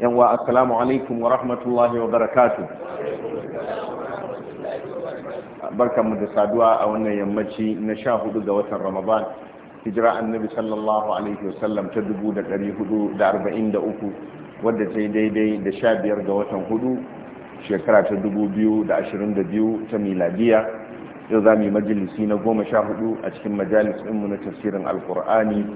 yanwa assalamu alaikum wa rahmatullahi wa barakatu barkanmu da saduwa a wannan yammaci na sha hudu ga watan ramadan hijira annabi sallallahu alaihi sallam ta dubu da ɗari hudu da arba'in da uku wadda ta yi daidai da sha biyar ga watan hudu shekara ta dubu biyu da ashirin da biyu ta miladiya yau za mu yi majalisi na goma sha hudu a cikin majalis ɗinmu na tafsirin alkur'ani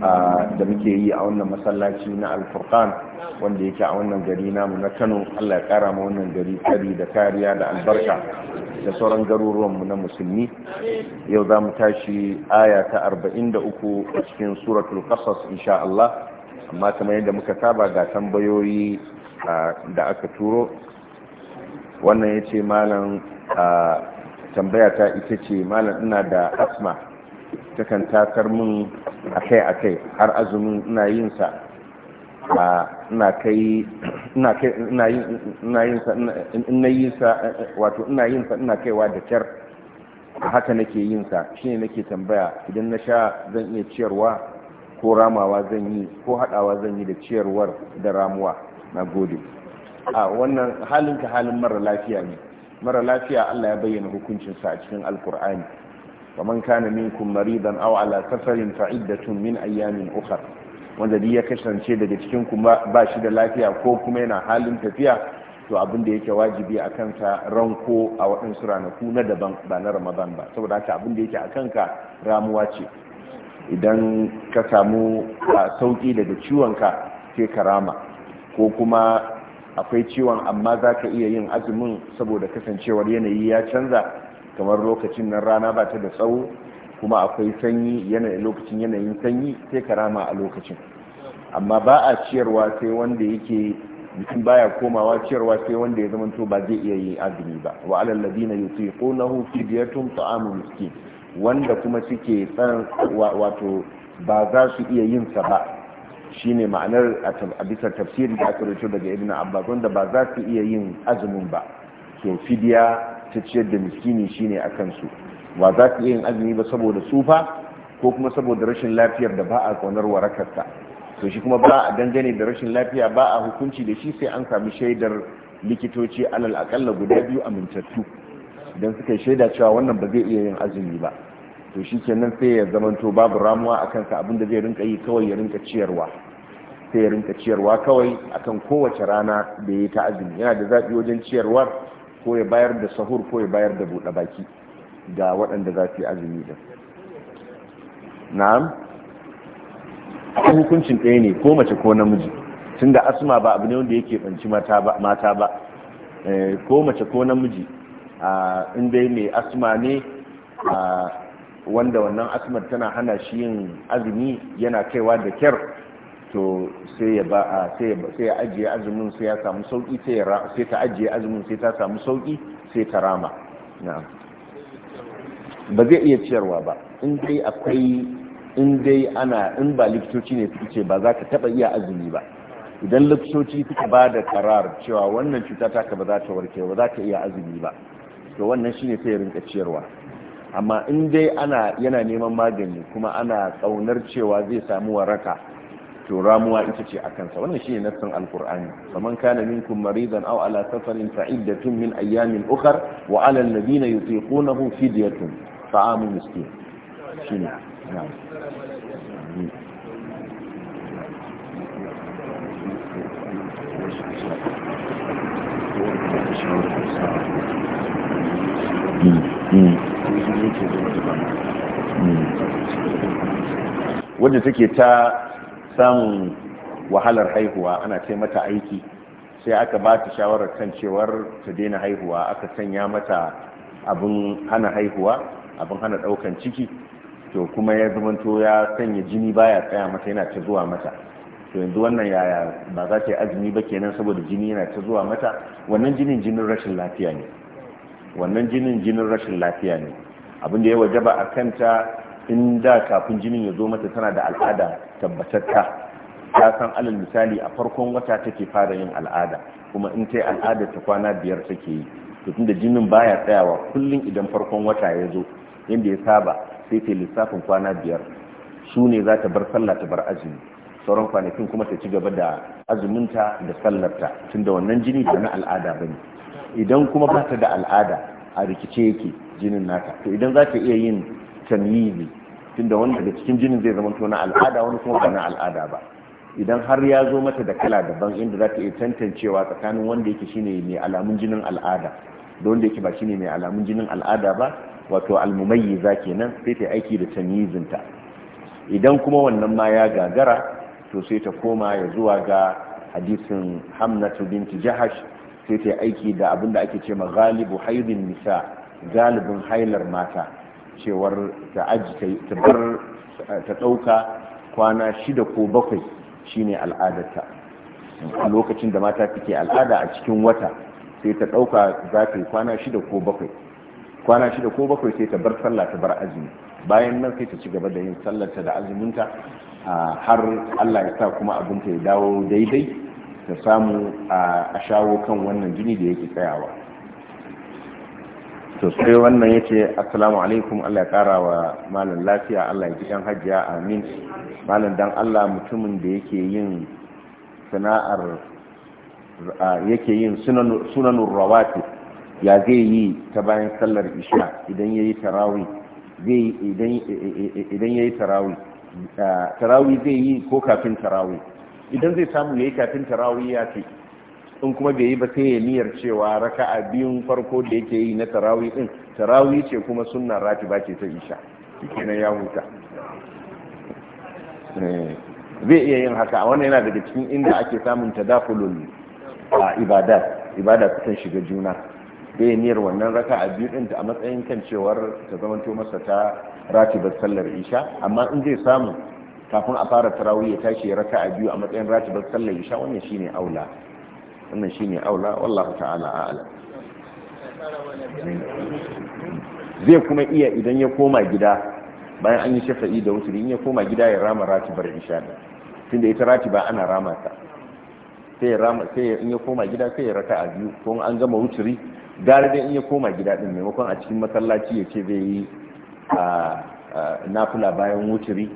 da muke yi a wannan masallaci na alfurkan wanda yake a wannan gari namu na kano allah ya kara ma wannan gari kari da kariya da albarka da sauran garuruwanmu na musulmi yau za mu tashi aya ta 43 a cikin suratul qasas insha allah amma kamar yadda muka saba ga tambayoyi da aka turo wannan ya ce malam tambaya ta ita ce malam ina da asma takan takar min akai-akai har azumin ina yin sa ina kai ina kai ina yin ina yin sa wato ina yin sa ina kaiwa da kyar haka nake yin sa shine nake tambaya idan na sha zan iya ciyarwa ko ramawa zan yi ko hadawa zan yi da ciyarwar da ramuwa na gode a wannan halinka halin mara lafiya ne mara lafiya Allah ya bayyana hukuncinsa a cikin alkur'ani faman kana minkum maridan aw ala safarin fa iddatun min ayyamin ukhra wanda ya kasance daga cikin ku ba shi da lafiya ko kuma yana halin tafiya to abin da yake wajibi a kanka ranko a waɗansu ranaku na daban ba na ramadan ba saboda haka abin da yake a kanka ramuwa ce idan ka samu sauƙi daga ciwonka sai ka rama ko kuma akwai ciwon amma za ka iya yin azumin saboda kasancewar yanayi ya canza kamar lokacin nan rana ba ta da tsawo kuma akwai sanyi yanayin lokacin yanayin sanyi sai ka rama a lokacin amma ba a ciyarwa sai wanda yake mutum baya komawa ciyarwa sai wanda ya zamanto ba zai iya yi azumi ba wa alal ladina yutiqunahu fidyatun ta'amu miskin wanda kuma suke tsan wato ba za su iya yin sa ba shine ma'anar a bisa tafsiri da aka rubuta daga ibnu abbas wanda ba za su iya yin azumin ba to fidya ta ciyar da miskini shine a kansu ba za ka yin azumi ba saboda tsufa ko kuma saboda rashin lafiyar da ba a ƙaunar warakarta to shi kuma ba a dangane da rashin lafiya ba a hukunci da shi sai an sami shaidar likitoci alal akalla guda biyu amintattu idan suka yi shaida cewa wannan ba zai iya yin azumi ba to shi kenan sai ya zamanto babu ramuwa a kansa da zai rinka yi kawai ya rinka ciyarwa sai ya rinka ciyarwa kawai akan kowace rana da ya ta azumi yana da zaɓi wajen ciyarwar ko ya bayar da sahur ko ya bayar da buɗe baki ga waɗanda za su yi azumi da na'am hukuncin ɗaya ne ko mace ko namiji tun da asma ba abu ne wanda yake banci mata ba eh, ko mace ko namiji inda mai asma ne wanda wannan asmar tana hana shi yin azumi yana kaiwa da kyar to sai ya ba a sai ya ajiye azumin sai ya samu sauki sai ta ajiye azumin sai ta samu sauki sai ta rama na'am ba zai iya ciyarwa ba in dai akwai in dai ana in ba likitoci ne suka ce ba za ka taba iya azumi ba idan likitoci suka ba da karar cewa wannan cuta ka ba za ta warke ba za ka iya azumi ba to wannan shine sai ya rinka ciyarwa amma in dai ana yana neman magani kuma ana tsaunar cewa zai samu waraka to ramuwa ita ce a kansa wannan shine nassin alqur'ani faman kana minkum maridan au ala safarin fa iddatun min ayyamin ukhra wa ala alladhina yutiqunahu fidyatun ta'amu miskin shine wadda take ta samun wahalar haihuwa ana ce mata aiki sai aka ba ta shawarar kan cewar ta daina haihuwa aka sanya mata abin hana haihuwa abin hana daukan ciki to kuma ya zamanto ya sanya jini baya tsaya mata yana ta zuwa mata to yanzu wannan yaya ba za ta yi azumi ba kenan saboda jini yana ta zuwa mata wannan jinin jinin rashin lafiya ne wannan jinin jinin rashin lafiya ne abin da ya wajaba a kanta in da kafin jinin ya zo mata tana da al'ada tabbatatta ta san alal misali a farkon wata take fara yin al'ada kuma in ta yi al'ada ta kwana biyar take yi to tunda jinin baya tsayawa kullum idan farkon wata ya zo yadda ya saba sai ta lissafin kwana biyar su ne za ta bar sallah ta bar azumi sauran kwanakin kuma ta ci gaba da azuminta da sallarta tunda wannan jini ba na al'ada ba ne idan kuma ba ta da al'ada a rikice yake jinin nata to idan za ta iya yin tamyizi tunda wanda da cikin jinin zai zama na al'ada wani kuma ba na al'ada ba idan har ya zo mata da kala daban inda za ta iya tantancewa tsakanin wanda yake shine mai alamun jinin al'ada da wanda yake ba shine mai alamun jinin al'ada ba wato almumayyiza kenan sai ta aiki da ta idan kuma wannan ma ya gagara to sai ta koma ya zuwa ga hadisin hamnatu binti jahash sai ta aiki da abin da ake ce ma galibu haidin nisa galibin hailar mata cewar ta aji ta bar ta ɗauka kwana shida ko bakwai shine al'adarta a lokacin da mata take al'ada a cikin wata sai ta ɗauka za ta yi kwana shida ko bakwai kwana shida ko bakwai sai ta bar sallah ta bar azumi bayan nan sai ta ci gaba da yin sallarta da azuminta har allah ya sa kuma abinta ya dawo daidai ta samu a shawo kan wannan jini da yake tsayawa to sai wannan ya ce assalamu alaikum allah ya kara wa malam lafiya allah ya ji dan hajjiya amin malam dan allah mutumin da yake yin sana'ar yake yin sunanun rawati ya zai yi ta bayan sallar isha idan ya yi tarawi idan ya yi tarawi tarawi zai yi ko kafin tarawi idan zai samu ya yi kafin tarawi ya ce in kuma bai yi ba sai ya niyyar cewa a biyun farko da yake yi na tarawih din tarawih ce kuma sunnar ratiba ce ta isha kenan ya huta eh, zai iya yin haka wannan yana daga cikin inda ake samun tadakulun a ibada ibada ta shiga juna bai niyyar wannan raka'a biyu din a matsayin kan cewar ta to masa ta ratibar sallar isha amma in zai samu kafin a fara tarawih ya tashi raka'a biyu a matsayin ratibar sallar isha wannan shine aula wannan ne aula wallahu ta'ala a'ala zai kuma iya idan ya koma gida bayan an yi shafa'i da wuturi in ya koma gida ya rama ratibar isha da tunda ita ratiba ana rama ta sai ya rama sai in ya koma gida sai ya raka a biyu ko an gama wuturi gara dai in ya koma gida din maimakon a cikin masallaci ya ce zai yi a nafula bayan wuturi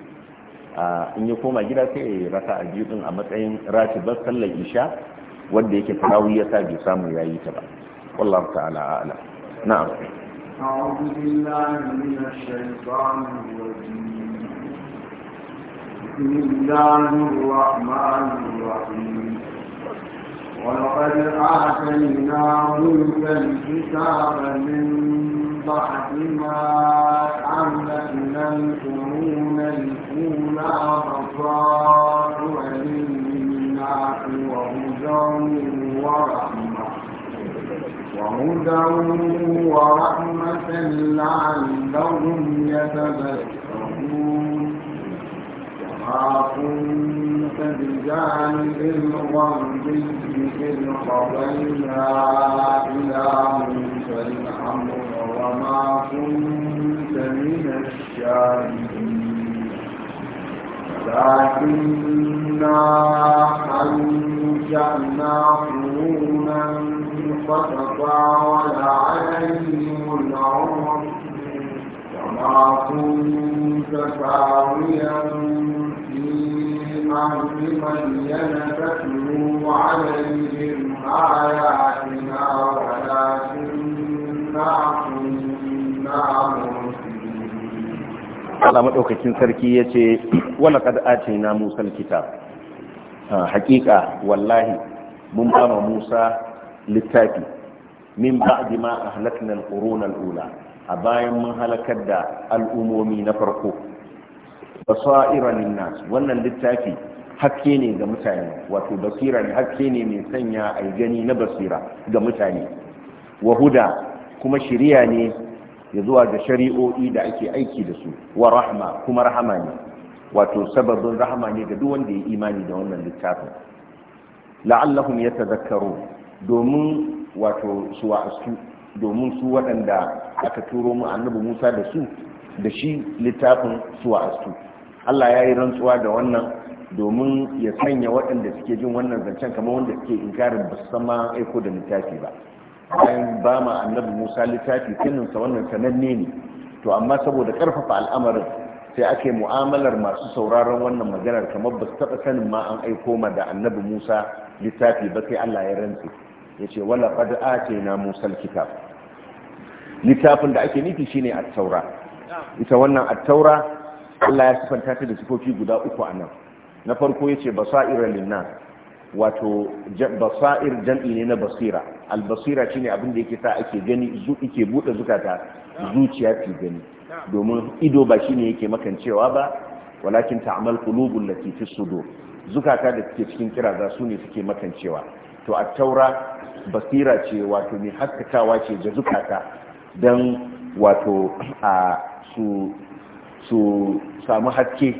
in ya koma gida sai ya raka a biyu din a matsayin ratibar sallar isha wanda yake tarawih ya sa bai samu yayi ta ba wallahu ta'ala a'lam na'am أعوذ بالله من الشيطان الرجيم بسم الله الرحمن الرحيم ولقد آتينا ملكا الكتاب من بعد ما أهلكنا القرون الأولى بصائر وهدى ورحمة وهدى ورحمة لعلهم يتذكرون وما كنت بجانب الغربي إذ قضينا إلى موسى الأمر وما كنت من الشاهدين لكنا أنشأنا قرونا فتطاول عليهم العمر وما كنت ساويا في أهل مدين تتلو عليهم آياتنا ولكنا كنا Allah madaukakin sarki ya ce wala na atina Musa alkitab ah, haƙiƙa wallahi mun ba Musa littafi min ba'di a ahlakna al-qurun al-ula a bayan mun halakar da al'umomi na farko basira linnas wannan littafi hakke ne ga mutane wato basira ne hakke ne mai sanya ai gani na basira ga mutane wahuda kuma shiriya ne ya zuwa ga shari'o'i da ake aiki da su wa rahma kuma rahama ne wato sababin rahama ne ga duk wanda ya imani da wannan littafin la'allahum yatazakkaru domin wato su su domin su waɗanda aka turo mu annabi Musa da su da shi littafin su su Allah ya yi rantsuwa da wannan domin ya sanya waɗanda suke jin wannan zancen kamar wanda suke inkarin basu aiko da littafi ba bayan ba ma annabi musa littafi kininsa wannan sananne ne to amma saboda karfafa al'amarin sai ake mu'amalar masu sauraron wannan maganar kamar ba su taɓa sanin ma an aiko ma da annabi musa littafi ba sai allah ya rantse ya ce wala qad atina musa alkitab littafin da ake nufi shine at-taura ita wannan at-taura allah ya sifanta ta da sifofi guda uku a nan na farko ya ce wato basa'ir jam'i ne na basira albasira shine abin da yake sa ake gani zu yake bude zukata zuciya ta gani domin ido ba shine yake makancewa ba walakin ta'mal qulubul lati fi sudur zukata da suke cikin kira za su ne suke makancewa to a taura basira ce wato ne haskakawa ce da zukata don wato a su su samu haske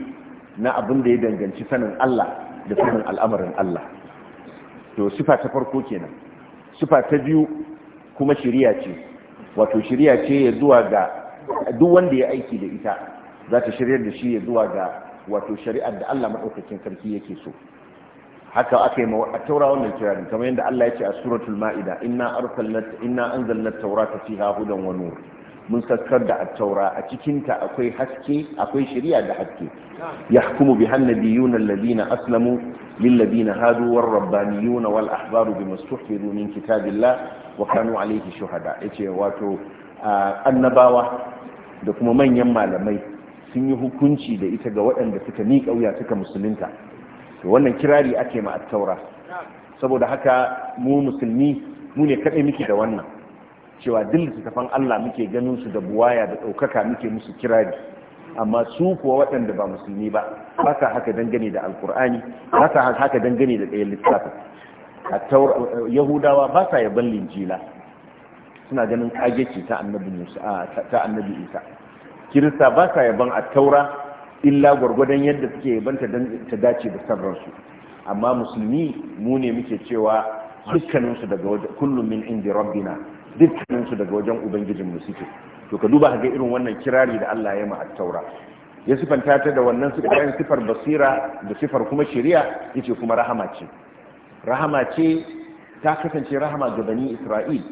na abin da ya danganci sanin Allah da sanin al'amarin Allah to sifa ta farko kenan sifa ta biyu kuma shiriya ce wato shiriya ce ya zuwa ga duk wanda ya aiki da ita za ta shiryar da shi ya zuwa ga wato shari'ar da Allah maɗaukakin sarki yake so haka aka yi ma a taura wannan kirarin kamar yadda Allah ya ce a suratul ma'ida inna arsalna inna anzalna at-taurata fiha hudan wa nur mun sassar da attaura a cikinta akwai haske akwai shari'a da haske yahkumu bi hannabiyuna na aslamu ladina hadu war rabbaniyuna wal ahbaru bi mustahfidu min kitabillah wa kanu alayhi shuhada yace wato annabawa da kuma manyan malamai sun yi hukunci da ita ga waɗanda suka ni kauya suka musulunta to wannan kirari ake ma attaura saboda haka mu musulmi mu ne kadai miki da wannan cewa duk littattafan Allah muke ganin su da buwaya da ɗaukaka muke musu kirari amma su kuwa waɗanda ba musulmi ba ba sa haka dangane da alkur'ani ba sa haka dangane da ɗayan littafin yahudawa ba sa yaban linjila suna ganin kage ce ta annabi musa ta annabi isa kirista ba sa yaban a taura illa gwargwadon yadda suke yabanta don ta dace da sarransu amma musulmi mu ne muke cewa dukkaninsu daga wajen kullum min inda rabbina dukkaninsu daga wajen ubangijinmu suke to ka duba ga irin wannan kirari da Allah ya ma'a taura ya sifanta ta da wannan su sifar basira da sifar kuma shari'a yace kuma rahama ce rahama ce ta kasance rahama ga bani Isra'il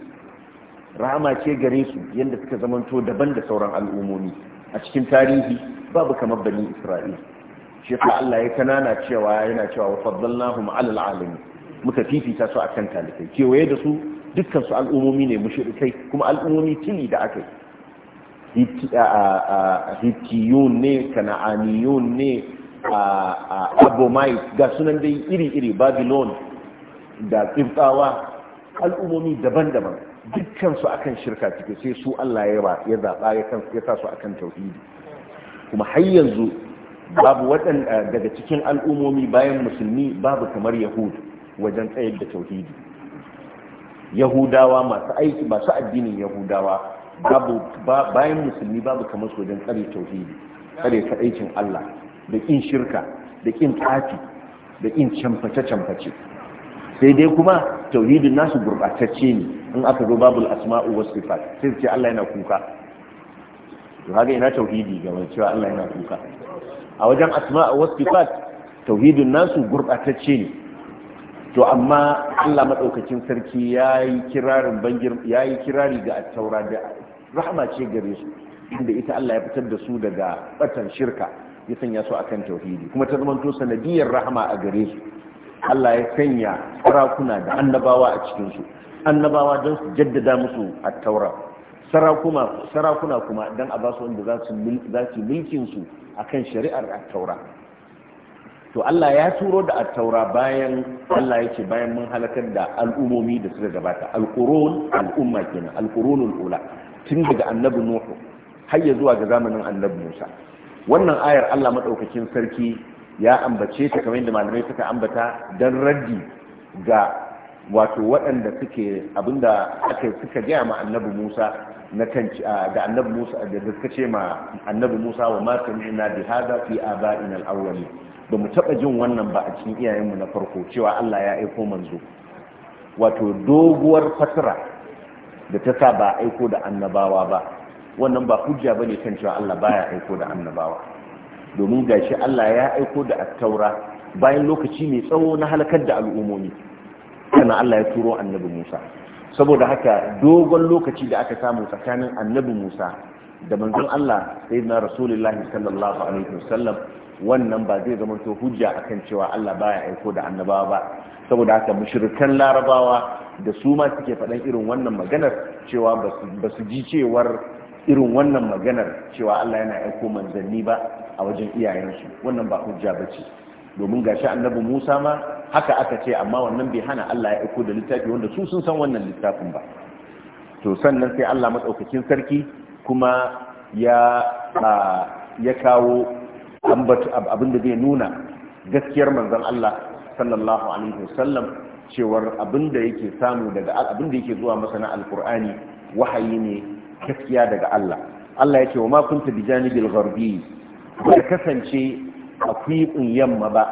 rahama ce gare su yanda suka zamanto daban da sauran al'umomi a cikin tarihi babu kamar bani Isra'il Shekaru Allah ya kanana cewa yana cewa wa faddalnahum 'alal alamin muka fifita su a kan talikai kewaye da su dukkan su al'umomi ne mushrikai kuma al'umomi tili da aka yi hittiyun ne kana'aniyun ne abomai ga sunan dai iri-iri babylon da tsibtawa al'umomi daban-daban dukkan su akan shirka cike sai su Allah ya zaɓa ya sa su akan tauhidi kuma har yanzu babu waɗanda daga cikin al'umomi bayan musulmi babu kamar yahud wajen tsayar da tauhidi yahudawa masu aiki masu addinin yahudawa babu bayan musulmi babu kamar su wajen tsare tauhidi tsare ta aikin Allah da kin shirka da kin tsafi da kin camface camface sai dai kuma tauhidin nasu gurbatacce ne in aka zo babul asma'u was sifat sai ce Allah yana kuka to haka ina tauhidi ga wani cewa Allah yana kuka a wajen asma'u was sifat tauhidin nasu gurbatacce ne to amma Allah matsaukacin sarki yayi kirarin bangir yi kirari ga at-taura da rahama ce gare su inda ita Allah ya fitar da su daga batan shirka ya sanya su akan tauhidi kuma ta zama to sanadiyar rahama a gare su Allah ya sanya sarakuna da annabawa a cikin annabawa don su jaddada musu a taura sarakuna kuma don a ba su wanda za su mulkin su akan shari'ar a taura to Allah ya turo da attaura bayan Allah yake bayan mun halakar da al'umomi da suka gabata al al'umma kenan al-qurunul ula tun daga annabi nuhu har ya zuwa ga zamanin annabi musa wannan ayar Allah madaukakin sarki ya ambace ta kamar yadda malamai suka ambata dan raddi ga wato waɗanda suke abinda aka suka gaya ma annabi musa na kan da annabi musa da suka ce ma annabi musa wa ma sami'na bi hada fi aba'ina al-awwalin ba mu taɓa jin wannan ba a cikin iyayenmu na farko cewa Allah ya aiko manzo wato doguwar fatira da ta sa ba aiko da annabawa ba wannan ba hujja bane kan cewa Allah baya aiko da annabawa domin gashi Allah ya aiko da attaura bayan lokaci mai tsawo na halakar da al'umomi kana Allah ya turo annabi Musa saboda haka dogon lokaci da aka samu tsakanin annabi Musa da manzon Allah sayyidina Rasulullahi sallallahu alaihi wasallam wannan ba zai zama to hujja akan cewa Allah baya aiko da annabawa ba saboda haka mushrikan larabawa da su ma suke faɗan irin wannan maganar cewa ba su ji cewar irin wannan maganar cewa Allah yana aiko manzanni ba a wajen iyayensu wannan ba hujja ba ce domin gashi annabi Musa ma haka aka ce amma wannan bai hana Allah ya aiko da littafi wanda su sun san wannan littafin ba to sannan sai Allah matsaukakin sarki kuma ya ya kawo abin da zai nuna gaskiyar manzon Allah sallallahu alaihi wasallam cewar abin da yake samu daga abin da yake zuwa masa na alkur'ani wahayi ne gaskiya daga Allah Allah ya ce wa ma kunta bi janibil gharbi ba kasance a kuyibin yamma ba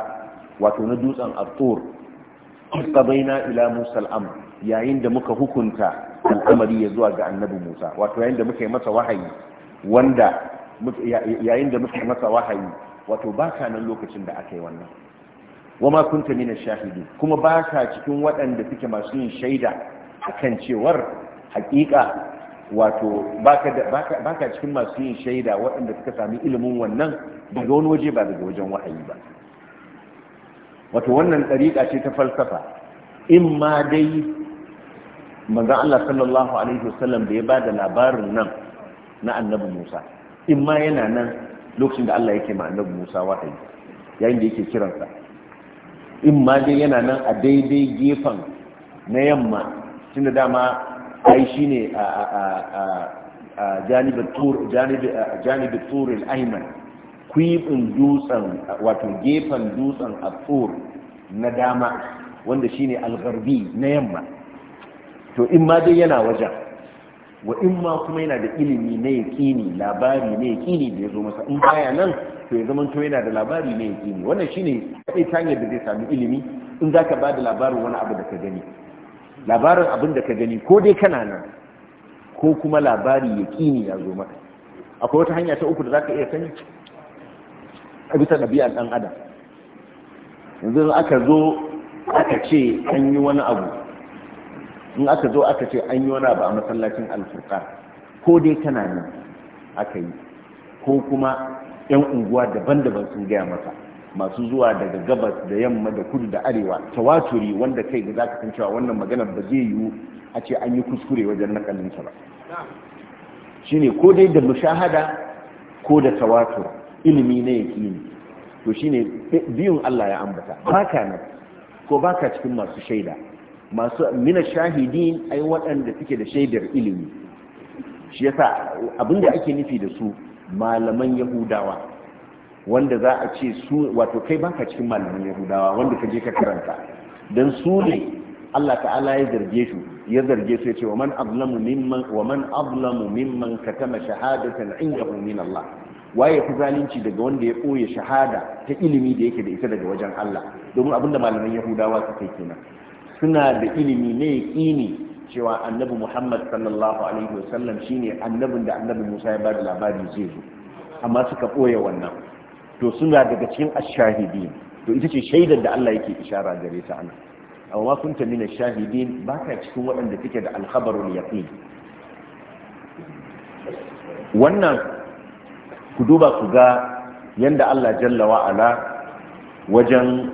wato na dutsen at-tur qabaina ila Musa al yayin da muka hukunta al'amari ya zuwa ga annabi Musa wato yayin da muka yi masa wahayi wanda yayin da muka masa wahayi wato ba ka nan lokacin da aka yi wannan wa ma kunta min shahidi kuma ba ka cikin waɗanda suke masu yin shaida akan cewar haƙiƙa wato ba ka cikin masu yin shaida waɗanda suka sami ilimin wannan daga wani waje ba daga wajen wahayi ba wato wannan ɗariƙa ce ta falsafa in ma dai manzan Allah sallallahu alaihi wasallam da ya ba da labarin nan na annabi Musa in ma yana nan lokacin da Allah yake ma Musa wahayi yayin da yake kiransa in ma dai yana nan a daidai gefen na yamma tunda dama ai shine a a a a janibin tur tur kwibin dutsen wato gefen dutsen a na dama wanda shine al na yamma to in ma dai yana wajen wa in ma kuma yana da ilimi na yaƙini labari na yaƙini da ya zo masa in baya nan to ya zama to yana da labari na yaƙini wannan shine kai ta hanyar da zai sami ilimi in zaka ka ba da labarin wani abu da ka gani labarin abin da ka gani ko dai kana nan ko kuma labari yaƙini ya zo maka akwai wata hanya ta uku da zaka iya sani a bisa ɗabi'ar ɗan adam yanzu aka zo aka ce an yi wani abu in aka zo aka ce an yi wani ba a masallacin alfurka ko dai kana nan aka yi ko kuma 'yan unguwa daban-daban sun gaya masa masu zuwa daga gabas da yamma da kudu da arewa tawaturi wanda kai ga zaka san cewa wannan magana ba zai yiwu a ce an yi kuskure wajen nakalin sa ba shine ko dai da mushahada ko da tawatur ilimi ne ni to shine biyun Allah ya ambata baka nan ko baka cikin masu shaida masu mina shahidin ai waɗanda suke da shaidar ilimi shi yasa abinda ake nufi da su malaman yahudawa wanda za a ce su wato kai baka cikin malaman yahudawa wanda ka je ka karanta dan su ne Allah ta'ala ya zarge su ya zarge su ya ce wa man azlamu mimman wa man azlamu mimman katama shahadatan indahu min Allah waye fi zalunci daga wanda ya koye shahada ta ilimi da yake da ita daga wajen Allah domin abinda malaman yahudawa suke kenan suna da ilimi ne yaƙini cewa annabi muhammad sallallahu alaihi wasallam shine annabin da annabi musa ya bada labari zai zo amma suka ɓoye wannan to suna daga cikin ashahidi to ita ce shaidar da allah yake ishara gare ta ana amma kun ta mina shahidin ba ka cikin waɗanda suke da alkhabarul yaqin wannan ku duba ku ga yanda allah jalla wa'ala wajen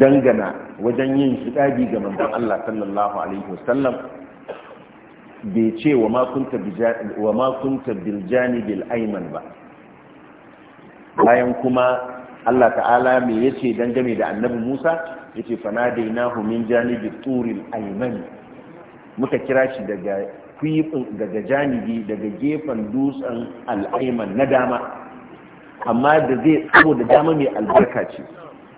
dangana wajen yin shiɗaɗi ga manzon Allah sallallahu alaihi wasallam bai ce wa ma kunta biljani bil ayman ba bayan kuma Allah ta'ala me yace dangane da annabi Musa yace fanadainahu min janibi turil ayman muka kira shi daga daga janibi daga gefen dutsen al'aiman na dama amma da zai tsawo da dama mai albarka ce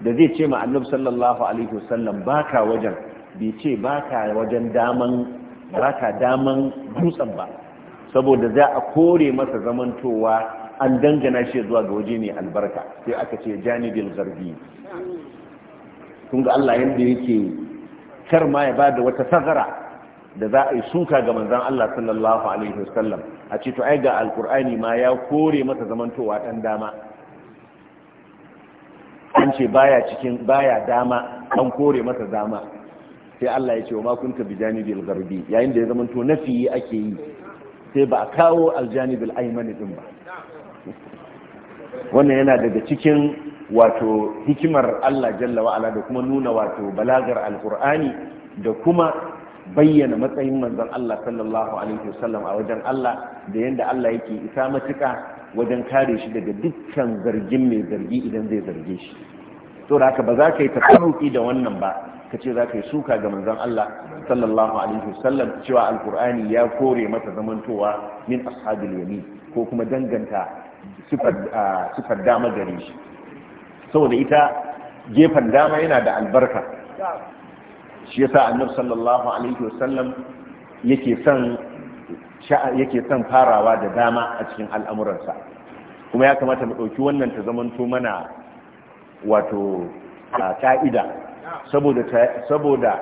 da zai ce ma annabi sallallahu alaihi wasallam baka wajen bai ce baka wajen daman baka daman dutsen ba saboda za a kore masa zamantowa an dangana shi zuwa ga waje mai albarka sai aka ce janibin zargi tunga ga Allah yadda yake kar ma ya ba da wata sagara da za a yi suka ga manzon Allah sallallahu alaihi wasallam a ce to ai ga alkur'ani ma ya kore masa zamantowa dan dama an ce baya cikin baya dama an kore masa dama sai Allah ya ce wa ma kunta bijanibil gharbi yayin da ya zama to nafi ake yi sai ba a kawo aljanibil aymani din ba wannan yana daga cikin wato hikimar Allah jalla wa ala da kuma nuna wato balagar alqur'ani da kuma bayyana matsayin manzon Allah sallallahu alaihi wasallam a wajen Allah da yanda Allah yake isa matuka wajen kare shi daga dukkan zargin mai zargi idan zai zarge shi to da haka ba za ka yi tafaruki da wannan ba ka ce za ka yi suka ga manzon Allah sallallahu alaihi wasallam cewa alkur'ani ya kore masa zamantowa min ashabil yamin ko kuma danganta sifar dama gare shi saboda ita gefen dama yana da albarka shi yasa annabi sallallahu alaihi wasallam yake son Sha'a yake son farawa da dama a cikin al'amuransa kuma ya kamata mu ɗauki wannan ta zamanto mana wato ka'ida saboda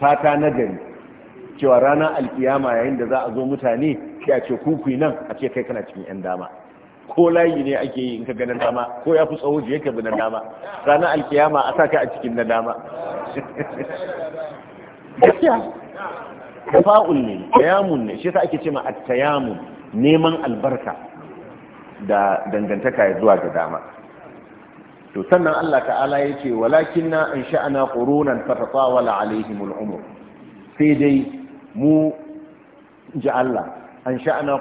fata na gari cewa ranar alkiyama yayin da za a zo mutane sai a ce kuku nan a ce kai kana cikin 'yan dama ko layi ne ake yi in ka ganin dama ko ya fi tsawo jiya ka bi na dama ranar alkiyama a sa ka a cikin na dama tafa'ul ne tayamun ne shi yasa ake cewa at-tayamun neman albarka da dangantaka ya zuwa ga dama to sannan Allah ta'ala ya ce walakin na an sha'ana fatatawala alaihimul umur sai dai mu ji Allah an sha'ana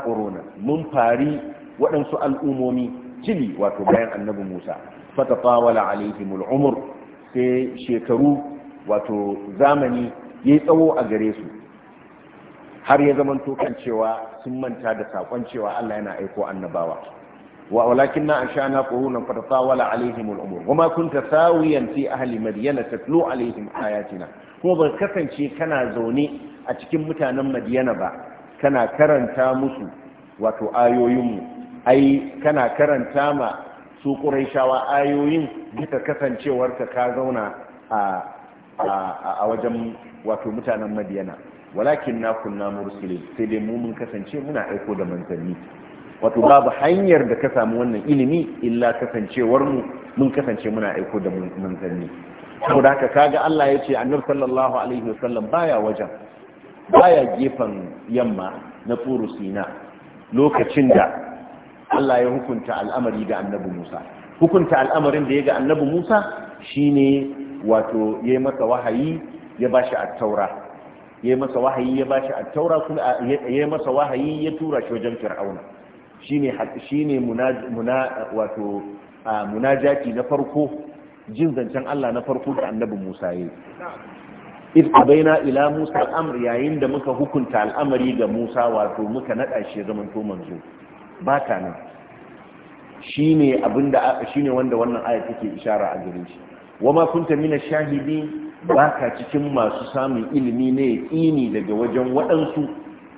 mun fari waɗansu al'umomi cili wato bayan annabi Musa fatatawala alaihimul umur sai shekaru wato zamani ya tsawo a gare su har ya zama tokan cewa sun manta da sakon cewa Allah yana aiko annabawa wa walakin na ashana quruna fatatawala alaihim al'umur umur wama kunta sawiyan fi ahli madyana tatlu alaihim ayatina kuma ba kasance kana zaune a cikin mutanen madyana ba kana karanta musu wato ayoyinmu ai kana karanta ma su quraishawa ayoyin duka kasancewar ka zauna a a wajen wato mutanen madyana walakin na kunna mursalin sai dai mu mun kasance muna aiko da manzanni wato babu hanyar da ka samu wannan ilimi illa kasancewar mu mun kasance muna aiko da manzanni saboda haka kaga Allah ya ce annabi sallallahu alaihi wasallam baya wajen baya gefen yamma na tsoro sina lokacin da Allah ya hukunta al'amari ga annabi Musa hukunta al'amarin da ya ga annabi Musa shine wato yayi masa wahayi ya bashi at-taura ya masa wahayi ya bashi a taura kuma ya masa wahayi ya tura shi wajen fir'auna shine shine muna wato munajati na farko jin zancen Allah na farko da annabi Musa yi iz abaina ila Musa al-amr yayin da muka hukunta al'amari ga Musa wato muka nada shi zaman to manzo ba ta nan shine abinda shine wanda wannan aya take ishara a gare shi wama kunta mina shahidi ba ka cikin masu samun ilimi ne ya daga wajen waɗansu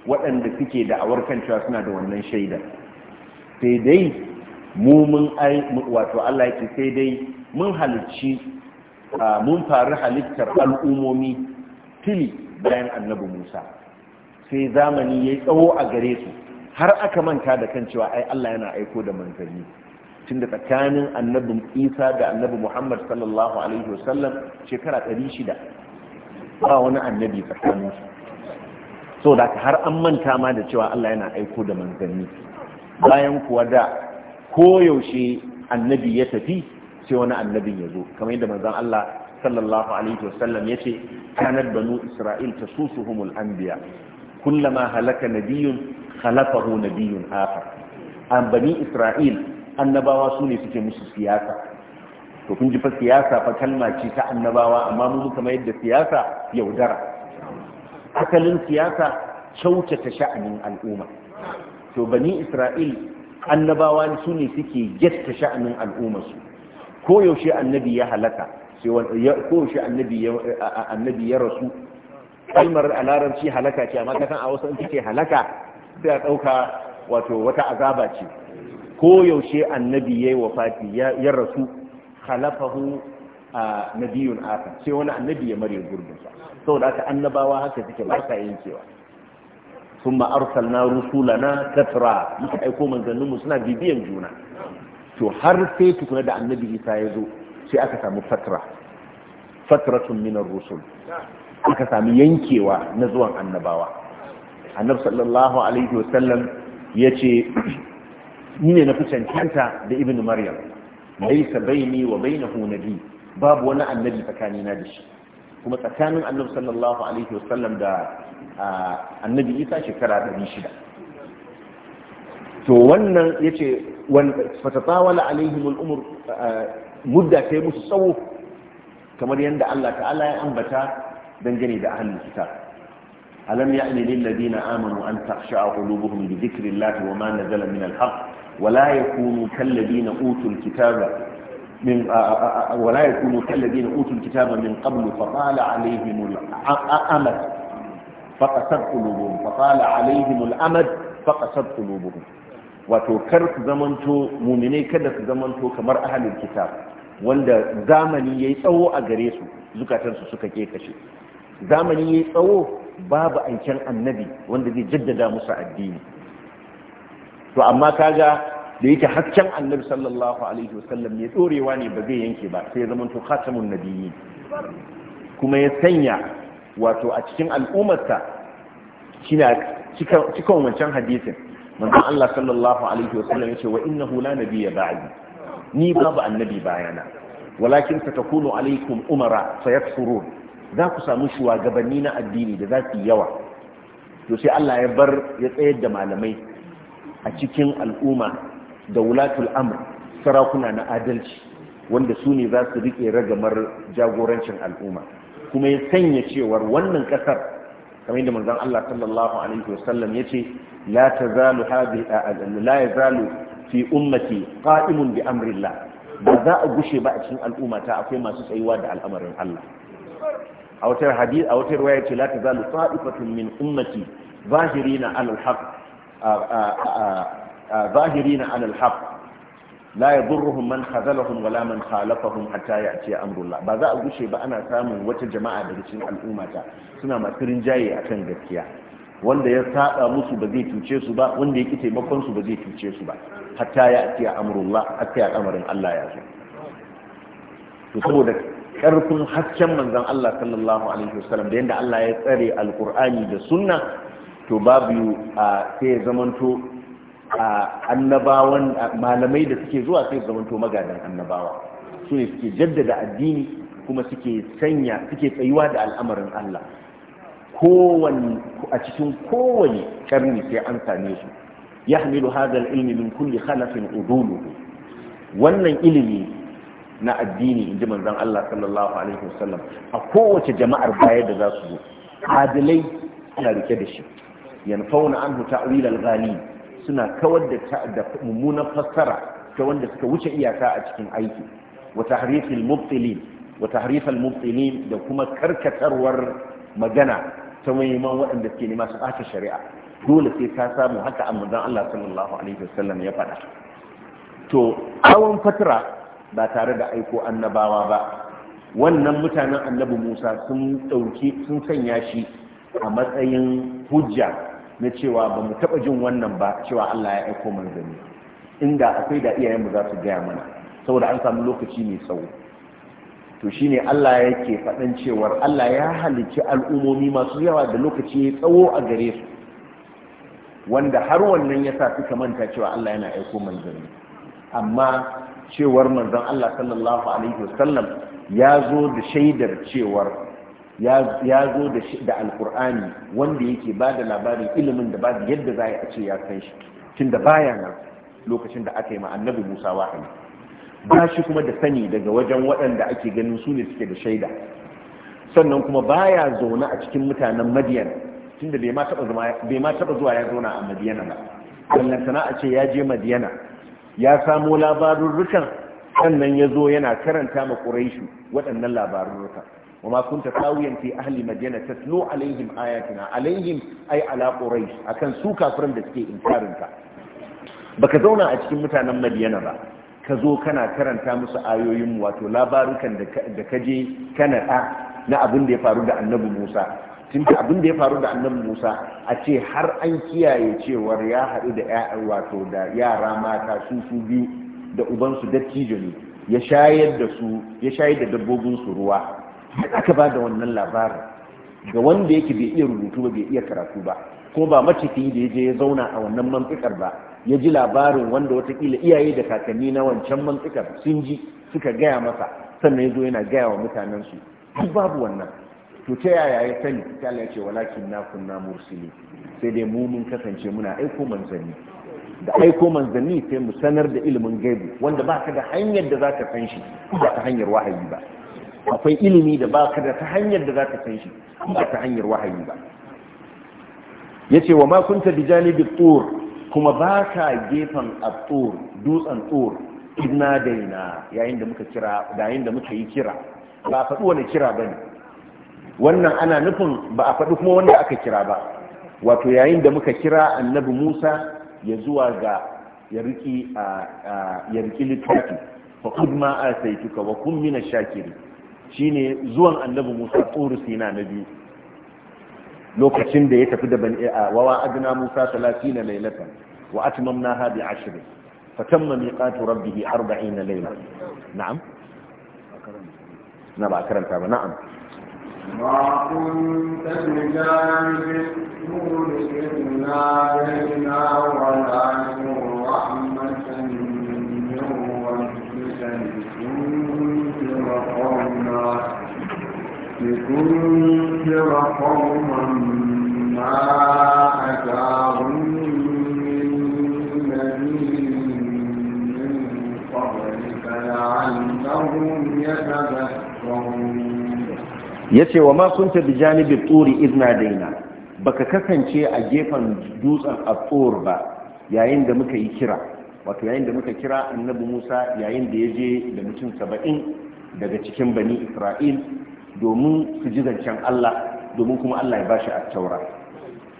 waɗanda suke da kan cewa suna da wannan shaida sai dai mu mun ai wato Allah yake sai dai mun halicci mun faru halittar al'umomi tuni bayan annabi Musa sai zamani ya tsawo a gare su har aka manta da kan cewa ai Allah yana aiko da manzanni tunda tsakanin annabi isa da annabi muhammad sallallahu alaihi wasallam shekara 600 ba wani annabi tsakanin su so da har an manta ma da cewa allah yana aiko da manzanni bayan kuwa da koyaushe annabi ya tafi sai wani annabin ya zo kamar yadda manzan allah sallallahu alaihi wasallam ya ce kanar banu isra'il ta susuhumul anbiya kullama halaka nabiyun khalafahu nabiyun akhar an bani isra'il annabawa su ne suke musu siyasa to kun ji fa siyasa fa kalma ce ta annabawa amma mu muka mayar da siyasa yaudara asalin siyasa ta sha'anin al'umma to bani isra'il annabawa su ne suke getta sha'anin al'umma su ko yaushe annabi ya halaka sai ko yaushe annabi ya annabi ya rasu kalmar a larabci halaka ce amma kasan a wasu in kike halaka sai a dauka wato wata azaba ce ko yaushe annabi yayi wafati ya rasu khalafahu nabiyun aka sai wani annabi ya mare gurbin sa saboda aka annabawa haka suke ba sa yankewa na rusula na katra muka aiko manzannin suna bibiyan juna to har sai tukuna da annabi Isa ya zo sai aka samu fatra fatratun min rusul aka sami yankewa na zuwan annabawa annab sallallahu alaihi wasallam ya ce ni ne na fi cancanta da ibn maryam laisa baini wa bainahu nabi babu wani annabi tsakanina da shi kuma tsakanin annabi sallallahu alaihi wasallam da annabi isa shekara 600 to wannan yace fatatawala alaihim al'umur mudda kai musu tsawo kamar yadda Allah ta'ala ya ambata dangane da ahlul kitab alam ya'ni lil ladina amanu an takhsha'a qulubuhum li dhikri llahi wa ma nazala min al-haqq wala yakunu kalladina utul kitaba من ولا يكونوا كالذين اوتوا الكتاب من قبل فطال عليهم الامد فقست قلوبهم فطال عليهم فقست قلوبهم wato kar su zamanto muminai kada su zamanto kamar ahalin kitab wanda zamani ya yi tsawo a gare su zukatansu suka kashe. zamani ya yi tsawo babu aiken annabi wanda zai jaddada musu addini to amma kaga da yake hasken annabi sallallahu alaihi wasallam ya dorewa ne ba zai yanke ba sai ya zama to khatamun nabiyyi kuma ya sanya wato a cikin al'ummarsa shine cikan wancan hadisin manzon Allah sallallahu alaihi wasallam yace wa innahu la nabiyya ba'di ni babu annabi bayana walakin satakunu alaikum umara sayakfurun za ku samu shugabanni na addini da za su yawa to sai Allah ya bar ya tsayar da malamai a cikin al'umma da wulatul amr sarakuna na adalci wanda su ne za su riƙe ragamar jagorancin al'umma kuma ya sanya cewar wannan ƙasar, kamar yadda manzon Allah sallallahu alaihi wasallam yace la tazalu hadhi la yazalu fi ummati qa'imun bi amrillah ba za a gushe ba a cikin al'umma ta akwai masu tsayuwa da al'amarin Allah a wata hadith a wata riwaya ce la tazalu qa'ifatun min ummati zahirina al-haqq ظاهرين على الحق لا يضرهم من خذلهم ولا من خالفهم حتى يأتي أمر الله ba za a gushe ba ana samun wata jama'a daga cikin al'umma ta. suna masu rinjaye akan gaskiya wanda ya saba musu ba zai tuce su ba wanda ya ki taimakon su ba zai tuce su ba hatta ya ati amrullah hatta ya al'amarin Allah ya zo to saboda karfin hasken manzon Allah sallallahu alaihi wasallam da yanda Allah ya tsare alqur'ani da sunna to babu a sai ya zamanto a annabawan malamai da suke zuwa sai zamanto magadan annabawa su ne suke jaddada addini kuma suke sanya suke tsayuwa da al'amarin Allah kowane a cikin kowane karni sai an same su yahmilu hadha al-ilmi min kulli khalafin uduluhu wannan ilimi na addini inji manzon Allah sallallahu alaihi wasallam a kowace jama'ar baya da za su zo adilai suna rike da shi yanfauna an huta wilal gani suna kawar da mummunan fassara ta wanda suka wuce iyaka a cikin aiki wa tahrif mubtilin wa tahrif mubtilin da kuma karkatarwar magana ta muhimman waɗanda ke nema su ɓata shari'a dole sai ka samu haka amma Allah sallallahu alaihi wasallam ya faɗa to awon fatara ba tare da aiko annabawa ba wannan mutanen annabi Musa sun ɗauki sun sanya shi a matsayin hujja na cewa ba mu taɓa jin wannan ba cewa Allah ya aiko manzanni inda akwai da iyayenmu za su gaya mana saboda an samu lokaci mai tsawo to shine Allah yake faɗan cewa Allah ya halicci al'umomi masu yawa da lokaci ya tsawo a gare su wanda har wannan ya sa suka manta cewa Allah yana aiko manzanni amma cewar manzon Allah sallallahu alaihi wasallam ya zo da shaidar cewar ya zo da alkur'ani wanda yake ba da labarin ilimin da ba da yadda za a ce ya san shi tun da baya nan lokacin da aka yi ma annabi musa wahayi ba shi kuma da sani daga wajen waɗanda ake ganin su ne suke da shaida sannan kuma baya zaune a cikin mutanen madiyan tun da bai ma taɓa zuwa ya zauna a madiyana ba wannan sana'a ce ya je madiyana ya samo labarurrukan sannan ya zo yana karanta ma ƙuraishu waɗannan labarurrukan وما كنت تاويا ta اهل مدينه تتلو عليهم اياتنا عليهم اي على قريش akan su كافرن da suke inkarin ka baka zauna a cikin mutanen madina ba ka zo kana karanta musu ayoyin wato labarukan da ka je kana da na abin da ya faru da annabi Musa tunda abin da ya faru da annabi Musa a ce har an kiyaye cewar ya hadu da ƴaƴan wato da yara mata su su biyu da ubansu dattijo ne ya shayar da su ya shayar da dabbobin su ruwa aka ba da wannan labarin ga wanda yake bai iya rubutu ba bai iya karatu ba ko ba maciki da ya je ya zauna a wannan mantsikar ba ya ji labarin wanda watakila iyaye da kakanni na wancan mantsikar sun ji suka gaya masa sannan ya zo yana gaya wa mutanensu duk babu wannan to ta yaya ya sani ta ya ce walakin na kunna mursili sai dai mu mun kasance muna aiko manzanni da aiko manzanni sai mu sanar da ilimin gaibu, wanda ba ka da hanyar da za ka san shi ba ta hanyar wahayi ba akwai ilimi da ba ka da ta hanyar da za ka san shi ba ta hanyar wahayi ba ya ce wa makunta da janibi tsor kuma ba ka gefen a tsor dutsen tsor ina daina yayin da muka kira yayin da muka yi kira ba a faɗi wani kira ba ne wannan ana nufin ba a faɗi kuma wanda aka kira ba wato yayin da muka kira annabi musa ya zuwa ga ya riƙi littafi fa kudma a tuka wa kun mina shakiri shine zuwan annabi Musa tsoro sina na biyu lokacin da ya tafi da ban a wawa adna Musa 30 laylatan wa atmamnaha bi 10 fatamma miqatu rabbih 40 layla na'am na ba karanta ba na'am ما كنت بجانب الطور إذ نادينا ولكن رحمة لتنكر قوما ما أتاهم من نبي من قبلك لعلهم يتذكرون يتي وما كنت بجانب الطور إذ نادينا baka kasance a gefen dutsen at-tur ba yayin da muka yi kira wato yayin da muka kira annabi musa yayin da ya je da mutum saba'in daga cikin bani isra'il domin su ji zancen Allah domin kuma Allah ya ba bashi shi taura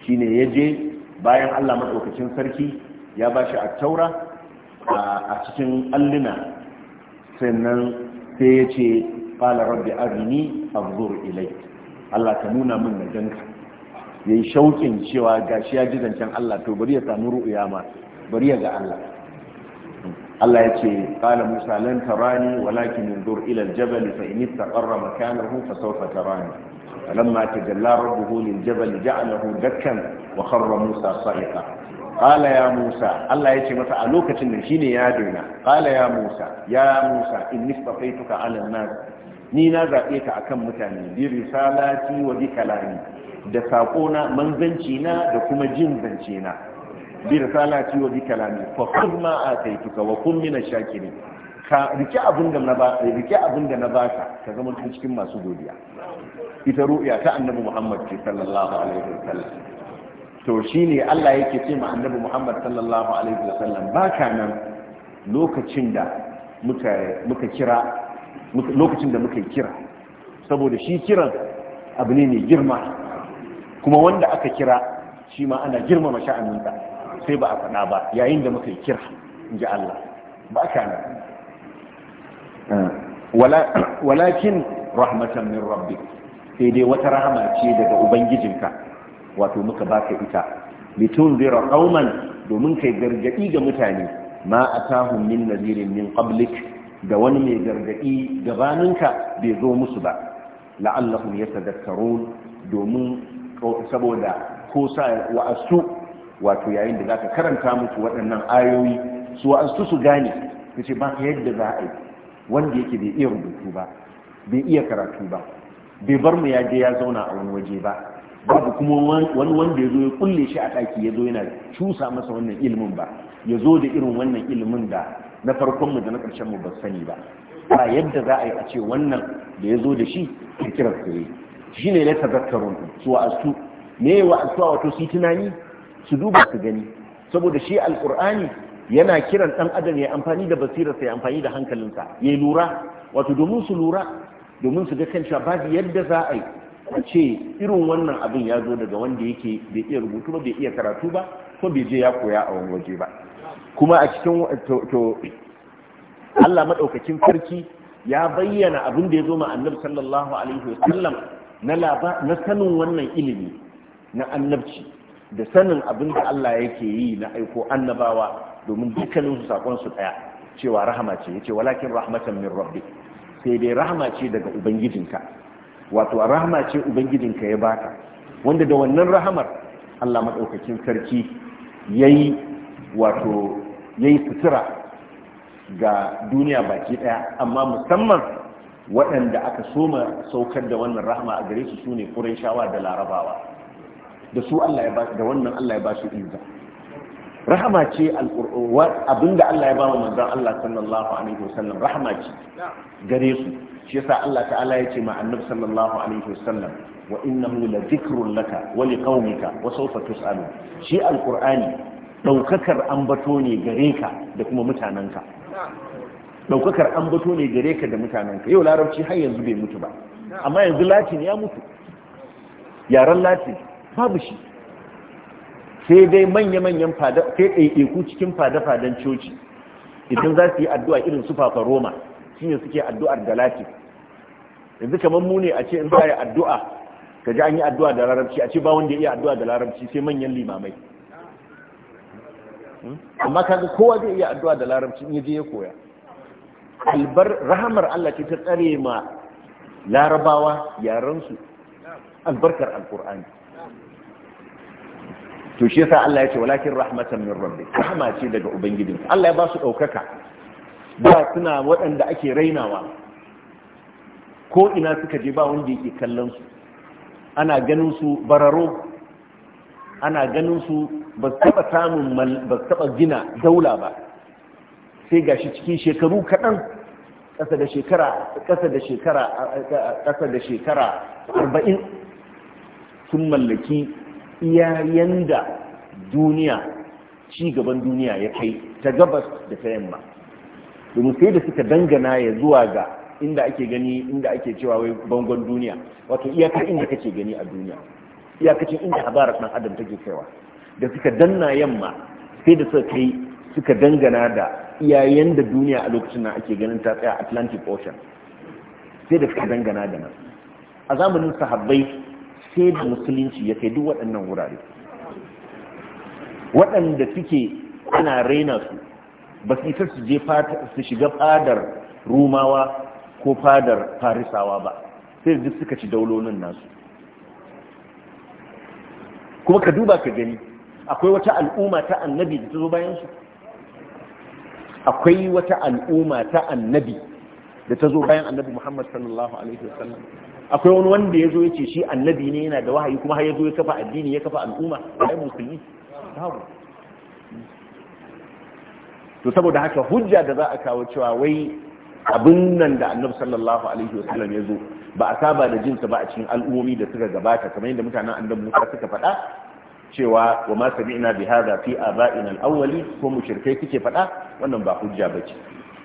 ya je bayan Allah madaukakin sarki ya bashi a taura a cikin allina. sannan sai ya ce fala rabbi arini abzur ilai Allah ka nuna min na ganka yayi shaukin cewa gashi ya ji zancen Allah to bari ya samu ru'uya ma bari ya ga Allah Allah ya ce ƙala Musa lan tarani walakin indur ila al-jabal fa in istaqarra makanahu fa sawfa tarani falamma tajalla rabbuhu lil-jabal ja'alahu dakkan wa kharra Musa sa'iqa Ƙala ya Musa Allah ya ce masa a lokacin da shine ya dena Ƙala ya Musa ya Musa in istafaituka 'ala nas ni na zaɓe ka akan mutane bi risalati wa bi kalami da saƙona manzanci na da kuma jin zance na bi risalati wa bi kalami fa khudh ma ataituka wa kun min ash-shakirin ka rike abin da na ba rike abin da na ba ka ka zama cikin masu godiya ita ru'ya ta annabi Muhammad sallallahu alaihi wasallam to shine Allah yake ce ma annabi Muhammad sallallahu alaihi wasallam ba nan lokacin da muka muka kira lokacin da muka kira saboda shi kiran abu ne mai girma kuma wanda aka kira shi ma ana girmama sha'aninsa sai ba a faɗa ba yayin da muka yi kira in ji Allah ba ka nan eh, walakin rahmatan min rabbi sai dai wata rahama ce daga ubangijinka wato muka baka ita litun zira qauman domin kai gargadi ga mutane ma atahum min nazirin min da wani mai gargadi gabaninka bai zo musu ba la'allahum ya domin saboda ko sa wa'asu wato yayin da za ka karanta musu waɗannan ayoyi su wa'ansu su gane ka ce ba yadda za a yi wanda yake bai iya rubutu ba bai iya karatu ba bai bar mu ya je ya zauna a wani waje ba babu kuma wani wanda ya zo ya kulle shi a ɗaki ya zo yana cusa masa wannan ilimin ba ya zo da irin wannan ilimin da na farkon mu da na ƙarshen mu ba sani ba ba yadda za a yi a ce wannan da ya zo da shi kirkirar yi shi ne ya su wa'astu me wa'astu a wato su tunani su duba su gani saboda shi alkur'ani yana kiran ɗan adam ya amfani da basirarsa ya amfani da hankalinsa ya lura wato domin su lura domin su ga kanta babu yadda za a yi ce irin wannan abin ya zo daga wanda yake bai iya rubutu ba bai iya karatu ba ko bai je ya koya a wani waje ba kuma a cikin to Allah madaukakin sarki ya bayyana abin da ya zo ma annabi sallallahu alaihi wasallam na na sanin wannan ilimi na annabci da sanin abin da Allah yake yi na aiko annabawa domin dukkanin su sakon su daya cewa rahama ce yace walakin rahmatan min rabbi sai dai rahama ce daga ubangijinka wato rahama ce ubangijinka ya baka wanda da wannan rahamar Allah madaukakin sarki yayi wato yayi sutura ga duniya baki ɗaya, amma musamman waɗanda aka soma saukar da wannan rahama a gare su sune Qurayshawa da Larabawa da su Allah ya ba da wannan Allah ya ba shi izza rahama ce abinda Allah ya ba wa manzon Allah sallallahu alaihi wasallam rahama ce gare su shi yasa Allah ta'ala ya ce ma annabi sallallahu alaihi wasallam wa innahu la dhikrun laka wa liqaumika wa sawfa tus'alu shi alqur'ani daukakar ambato ne gare ka da kuma mutananka daukakar ambato ne gare ka da mutananka yau larabci har yanzu bai mutu ba amma yanzu latin ya mutu yaren latin babu shi sai dai manya-manyan fada sai ɗaiɗaiku cikin fada-fadan coci idan za su yi addu'a irin su fafa roma shi ne suke addu'ar da galati yanzu kamar mu ne a ce in za a yi addu'a ka ji an yi addu'a da larabci a ce ba wanda ya iya addu'a da larabci sai manyan limamai hmm? amma kaga kowa zai iya addu'a da larabci in ya je ya koya albar rahamar Allah ce ta tsare ma larabawa yaransu albarkar alkur'ani to shi yasa Allah ya ce walakin rahmatan min rabbi rahma ce daga ubangijin Allah ya ba su daukaka ba suna waɗanda ake rainawa ko ina suka je ba wanda yake kallon su ana ganin su bararo ana ganin su ba su taba samun ba su taba gina daula ba sai gashi cikin shekaru kaɗan ƙasa da shekara ƙasa da shekara ƙasa da shekara arba'in sun mallaki iya yanda duniya ci gaban duniya ya kai ta gabas da ta yamma domin sai da suka dangana ya zuwa ga inda ake gani inda ake cewa wai bangon duniya wato iyakar inda kake gani a duniya iyakacin inda habarar ɗan adam take kaiwa da suka danna yamma sai da suka kai suka dangana da iyayen da duniya a lokacin nan ake ganin ta tsaya atlantic ocean sai da suka dangana da nan a zamanin sahabbai sai da musulunci ya kai duk waɗannan wurare waɗanda suke ana raina su ba su isa su je shiga fadar rumawa ko fadar farisawa ba sai duk suka ci daulonin nasu kuma ka duba ka gani akwai wata al'umma ta annabi da ta zo bayan su akwai wata al'umma ta annabi da ta zo bayan annabi muhammad sallallahu alaihi wasallam akwai wani wanda ya zo ya ce shi annabi ne yana da wahayi kuma har ya zo ya kafa addini ya kafa al'umma ai musulmi babu to saboda haka hujja da za a kawo cewa wai abin nan da annabi sallallahu alaihi wasallam ya zo ba a saba da jinsa ba a cikin al'ummomi da suka gabata kamar yadda mutanen annabi Musa suka faɗa cewa wa ma sami'na bi hadha fi aba'ina al-awwali ko mushrikai kuke faɗa wannan ba hujja bace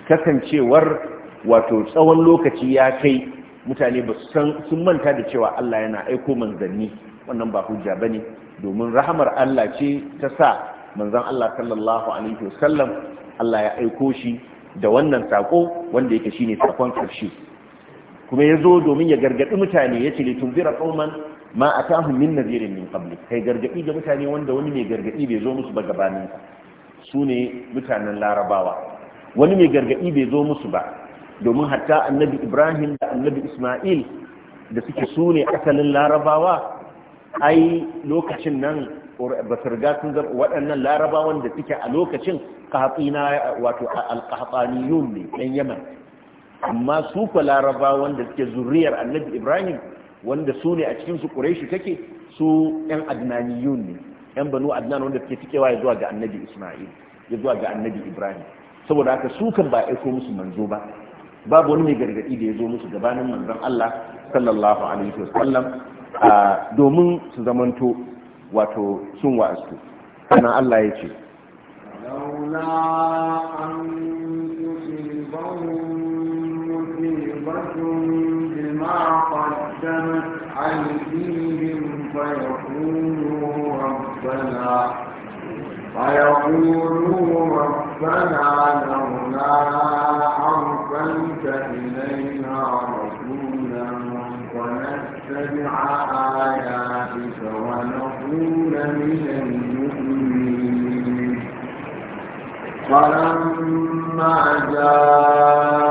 kasancewar wato tsawon lokaci ya kai mutane ba san sun manta da cewa Allah yana aiko manzanni wannan ba hujja bane domin rahamar Allah ce ta sa manzon Allah sallallahu alaihi wasallam Allah ya aiko shi da wannan sako wanda yake shine sakon karshe kuma ya zo domin ya gargaɗi mutane ya ce litunzira qauman ma atahum min nadirin min qabli kai gargadi ga mutane wanda wani mai gargadi bai zo musu ba gabanin su ne mutanen larabawa wani mai gargaɗi bai zo musu ba domin hatta annabi ibrahim da annabi isma'il da suke su ne asalin larabawa ai lokacin nan ba sun zama waɗannan larabawan da suke a lokacin kahafina wato yun ne ɗan yaman amma su fa larabawan da suke zurriyar annabi ibrahim wanda su ne a cikin su ƙureshi take su ‘yan adnaniyun ne ‘yan banu adnan wanda suke fikewa ya zuwa ga annabi ya zuwa ga annabi ibrahim saboda haka su kan ba aiko musu manzo ba babu wani mai gargadi da ya zo musu gabanin manzon Allah sallallahu alaihi wasallam domin su zamanto wato sun wa'azu kana Allah ya ce laula an tusibahum musibatun bima aydihim rabbana فيقولوا ربنا لولا أرسلت إلينا رسولا ونتبع آياتك ونقول من المؤمنين فلما جاء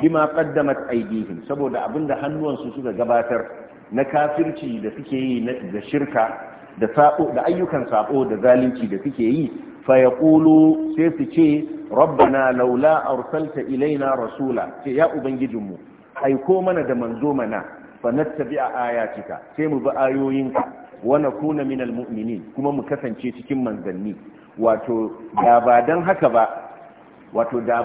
bima qaddamat aydihim saboda abinda hannuwansu suka gabatar na kafirci da suke yi da shirka da sabo da ayyukan sabo da zalunci da suke yi fa yaqulu sai su ce rabbana laula arsalta ilaina rasula ce ya ubangijinmu aiko mana da manzo mana fa nattabi'a ayatika sai mu bi ayoyinka wa nakuna minal mu'minin kuma mu kasance cikin manzanni wato da ba dan haka ba wato da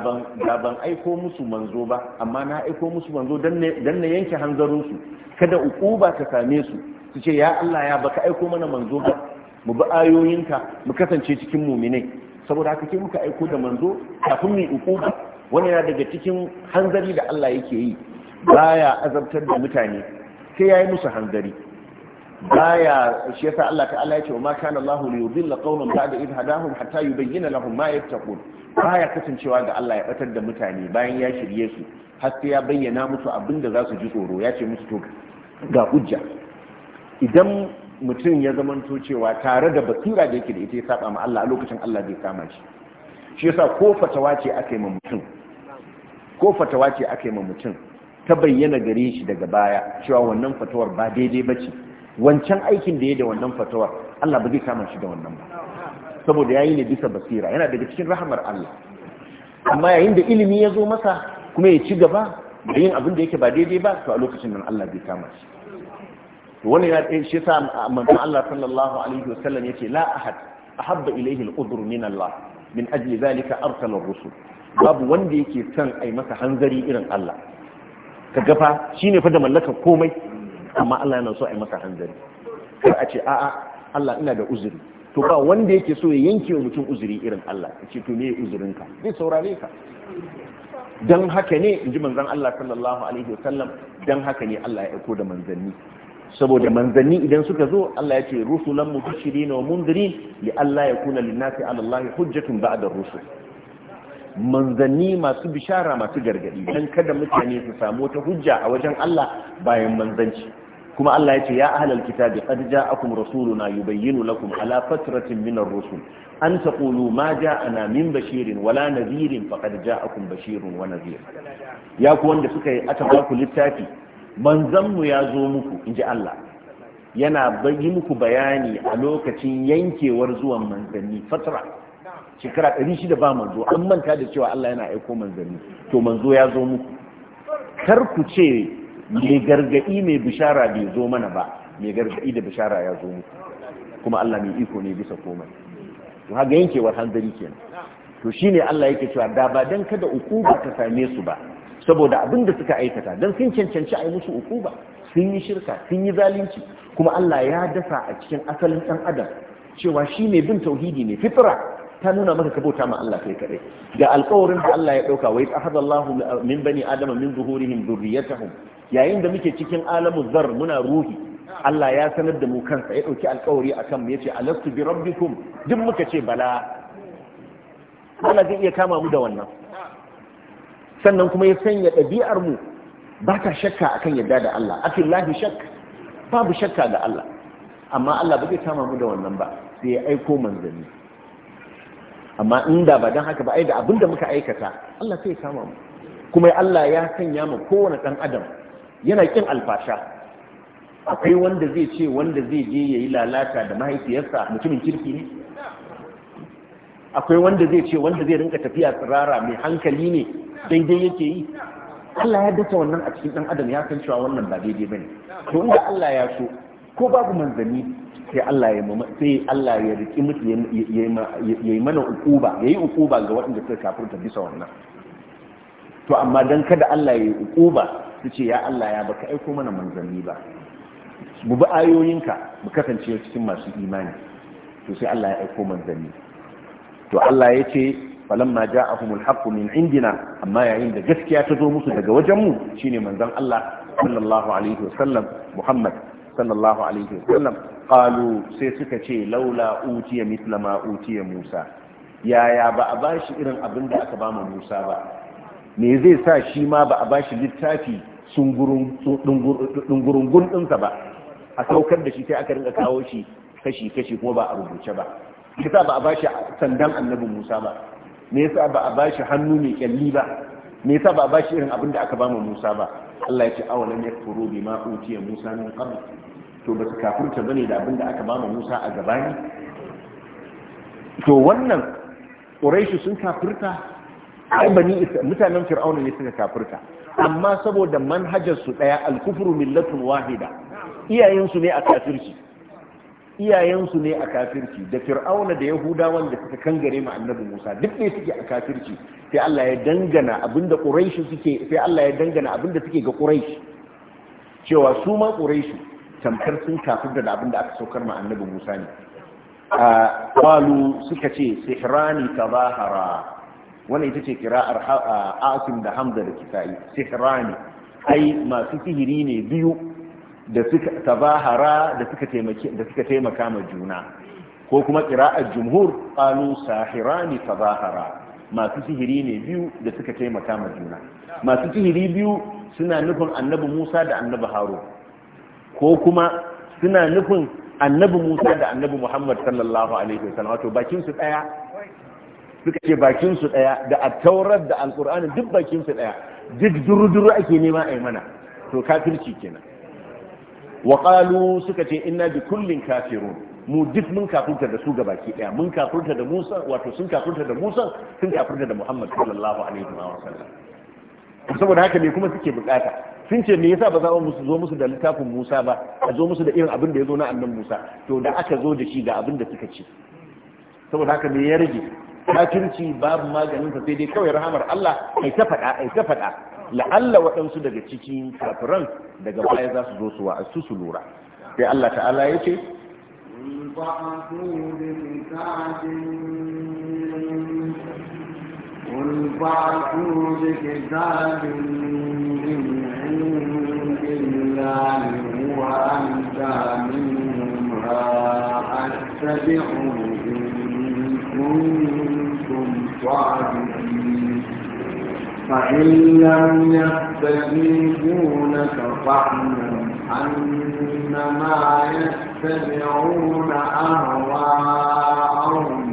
ban aiko musu manzo ba amma na aiko musu manzo don na yanke hanzarinsu kada ukuba ta same su su ce ya Allah ya baka aiko mana manzo ba mu bi ayoyinka mu kasance cikin muminai saboda haka ke muka aiko da manzo kafin mu ukuba wani yana daga cikin hanzari da Allah yake yi baya azabtar da mutane sai yayi musu hanzari baya shi yasa Allah ta'ala ya ce wa ma kana Allahu li yudilla qauman ba'da idh hadahum hatta yubayyana lahum ma yattaqun baya kasancewa ga Allah ya batar da mutane bayan ya shirye su har sai ya bayyana musu abin da za su ji tsoro ya ce musu to ga hujja idan mutum ya zamanto cewa tare da basira da yake da ita ya saba ma Allah a lokacin Allah zai kama shi shi yasa ko fatawa ce aka yi ma mutum ko fatawa ce aka ma mutum ta bayyana gare shi daga baya cewa wannan fatawar ba daidai bace wancan aikin da ya da wannan fatawar Allah ba zai kama shi da wannan ba saboda yayi ne bisa basira yana daga cikin rahamar Allah amma yayin da ilimi ya zo masa kuma ya ci gaba da yin abin da yake ba daidai ba to a lokacin nan Allah zai kama shi to wannan ya tsaye eh, shi yasa manzon Allah sallallahu alaihi wasallam yace la ahad ahabba ilayhi al-udhr min Allah min ajli zalika arsala ar-rusul babu wanda yake son ai masa hanzari irin Allah ka gafa shine fa da mallakar komai amma Allah yana so ai masa hanzari sai a ce a'a Allah ina da uzuri to ba wanda yake so ya yanke wa mutum uzuri irin Allah ya to me uzurin ka zai saurare ka dan haka ne inji manzon Allah sallallahu alaihi wasallam dan haka ne Allah ya aiko da manzanni saboda manzanni idan suka zo Allah ya ce rusulan mubashirin wa mundirin li Allah ya kuna linnasi ala Allah hujjatun ba'da rusul manzanni masu bishara masu gargadi dan kada mutane su samu ta hujja a wajen Allah bayan manzanci kuma Allah ya ce ya ahlal kitabi qad ja'akum rasuluna yubayyinu lakum ala fatratin min ar-rusul an taqulu ma ja'ana min bashirin wala nadhirin faqad ja'akum bashirun wa nadhir ya ku wanda suka yi aka ba ku littafi manzon mu ya zo muku inji Allah yana yi muku bayani a lokacin yankewar zuwan manzanni fatra shekara 600 ba manzo an manta da cewa Allah yana aiko manzanni to manzo ya zo muku kar ku ce mai gargaɗi mai bishara bai zo mana ba mai gargadi da bishara ya zo mu kuma Allah mai iko ne bisa komai to haga yankewar hanzari kenan to shine Allah yake cewa da ba dan kada ukuba ta same su ba saboda abin da suka aikata dan sun cancanci a yi musu ukuba sun yi shirka sun yi zalunci kuma Allah ya dasa a cikin asalin dan adam cewa shi ne bin tauhidi ne fitra ta nuna maka ka bauta ma Allah kai kadai da alƙawarin da Allah ya dauka wai ahadallahu min bani adama min zuhurihim dhurriyyatahum yayin da muke cikin alamu zar muna ruhi Allah ya sanar da mu kansa ya ɗauki alkawari a kanmu ya ce alastu bi rabbikum duk muka ce bala Allah zai iya kama mu da wannan sannan kuma ya sanya ɗabi'ar mu ba ta shakka akan yadda da Allah lahi shakka babu shakka ga Allah amma Allah ba zai kama mu da wannan ba sai ya aiko manzanni amma inda ba don haka ba ai da abin da muka aikata Allah sai ya kama mu kuma Allah ya sanya mu kowane ɗan adam yana kin alfasha akwai wanda zai ce wanda zai je yayi lalata da mahaifiyarsa mutumin kirki ne akwai wanda zai ce wanda zai rinka tafiya tsirara mai hankali ne daidai yake yi Allah ya dasa wannan a cikin dan adam ya san cewa wannan ba daidai bane to inda Allah ya so ko babu manzanni sai Allah ya sai Allah ya riki mutu yayi mana ukuba yayi ukuba ga waɗanda suka kafirta bisa wannan to amma dan kada Allah ya yi ukuba su ce ya Allah ya baka aiko mana manzanni ba mu bi ayoyinka mu kasance cikin masu imani to sai Allah ya aiko manzanni to Allah ya ce falamma ja'ahumul haqqu min indina amma yayin da gaskiya ta zo musu daga wajen mu shine manzon Allah sallallahu alaihi wasallam Muhammad sallallahu alaihi wasallam qalu sai suka ce laula utiya mithla ma utiya Musa yaya ba a bashi irin abin da aka ba Musa ba me zai sa shi ma ba a bashi littafi dungurungun ɗinsa ba a saukar da shi sai aka rinka kawo shi kashi-kashi kuma ba a rubuce ba yasa ba a ba shi sandan annabin musa ba me yasa ba a ba shi hannu mai kyalli ba me yasa ba a ba shi irin abin da aka ba mu musa ba allah ya ce awalan ya furo bi ma uciya musa min qabl to ba su kafurta bane da abin da aka ba mu musa a gabani to wannan quraishi sun kafurta ai bani mutanen fir'auna ne suka kafurta amma saboda manhajarsu ɗaya alkufuru millatun wahida iyayensu ne a kafirci iyayensu ne a kafirci da fir'auna da yahudawan da suka kangare ma annabi musa duk ne suke a kafirci sai allah ya dangana abinda suke sai allah ya dangana abinda suke ga quraishi cewa su ma quraishi tamkar sun kafir da abinda aka saukar ma annabi musa ne qalu suka ce sihrani tazahara wannan ita ce kira'ar asim da hamza da kisa'i sihrani ai masu sihiri ne biyu da suka tabahara da suka taimaka ma juna ko kuma kira'ar jumhur qalu sahirani tabahara masu sihiri ne biyu da suka taimaka ma juna masu sihiri biyu suna nufin annabi Musa da annabi Harun ko kuma suna nufin annabi Musa da annabi Muhammad sallallahu alaihi wasallam wato bakin su daya suka ce bakin su daya da at-taurat da al-qur'ani duk bakin su daya duk duruduru ake nema ai mana to kafirci kenan wa qalu suka ce inna bi kullin kafirun mu duk mun kafirta da su gabaki daya mun kafirta da Musa wato sun kafirta da Musa sun kafirta da Muhammad sallallahu alaihi wa sallam saboda haka me kuma suke bukata sun ce me yasa ba za mu zo musu da littafin Musa ba a zo musu da irin abin da ya zo na annan Musa to da aka zo da shi ga abin da suka ce saboda haka me ya rage kafirci babu maganin sai dai kawai rahamar Allah ai ta fada ai ta faɗa la'alla waɗansu daga cikin kafiran daga baya za su zo su wa su su lura sai Allah ta'ala ya ce قل فأتوا بكتاب من عند الله هو أنت منهما أتبعه كنتم صادقين فإن لم يستجيبوا لك فاعلم أنما يتبعون أهواءهم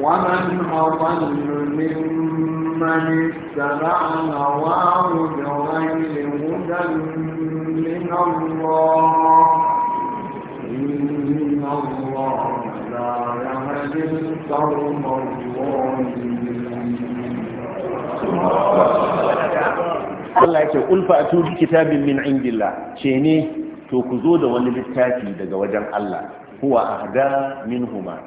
ومن أضل ممن اتبع هواه بغير هدى من الله إن الله لا Allah yake ulfa a tubi kitabin min indillah ce ne to ku zo da wani littafi daga wajen Allah huwa min huma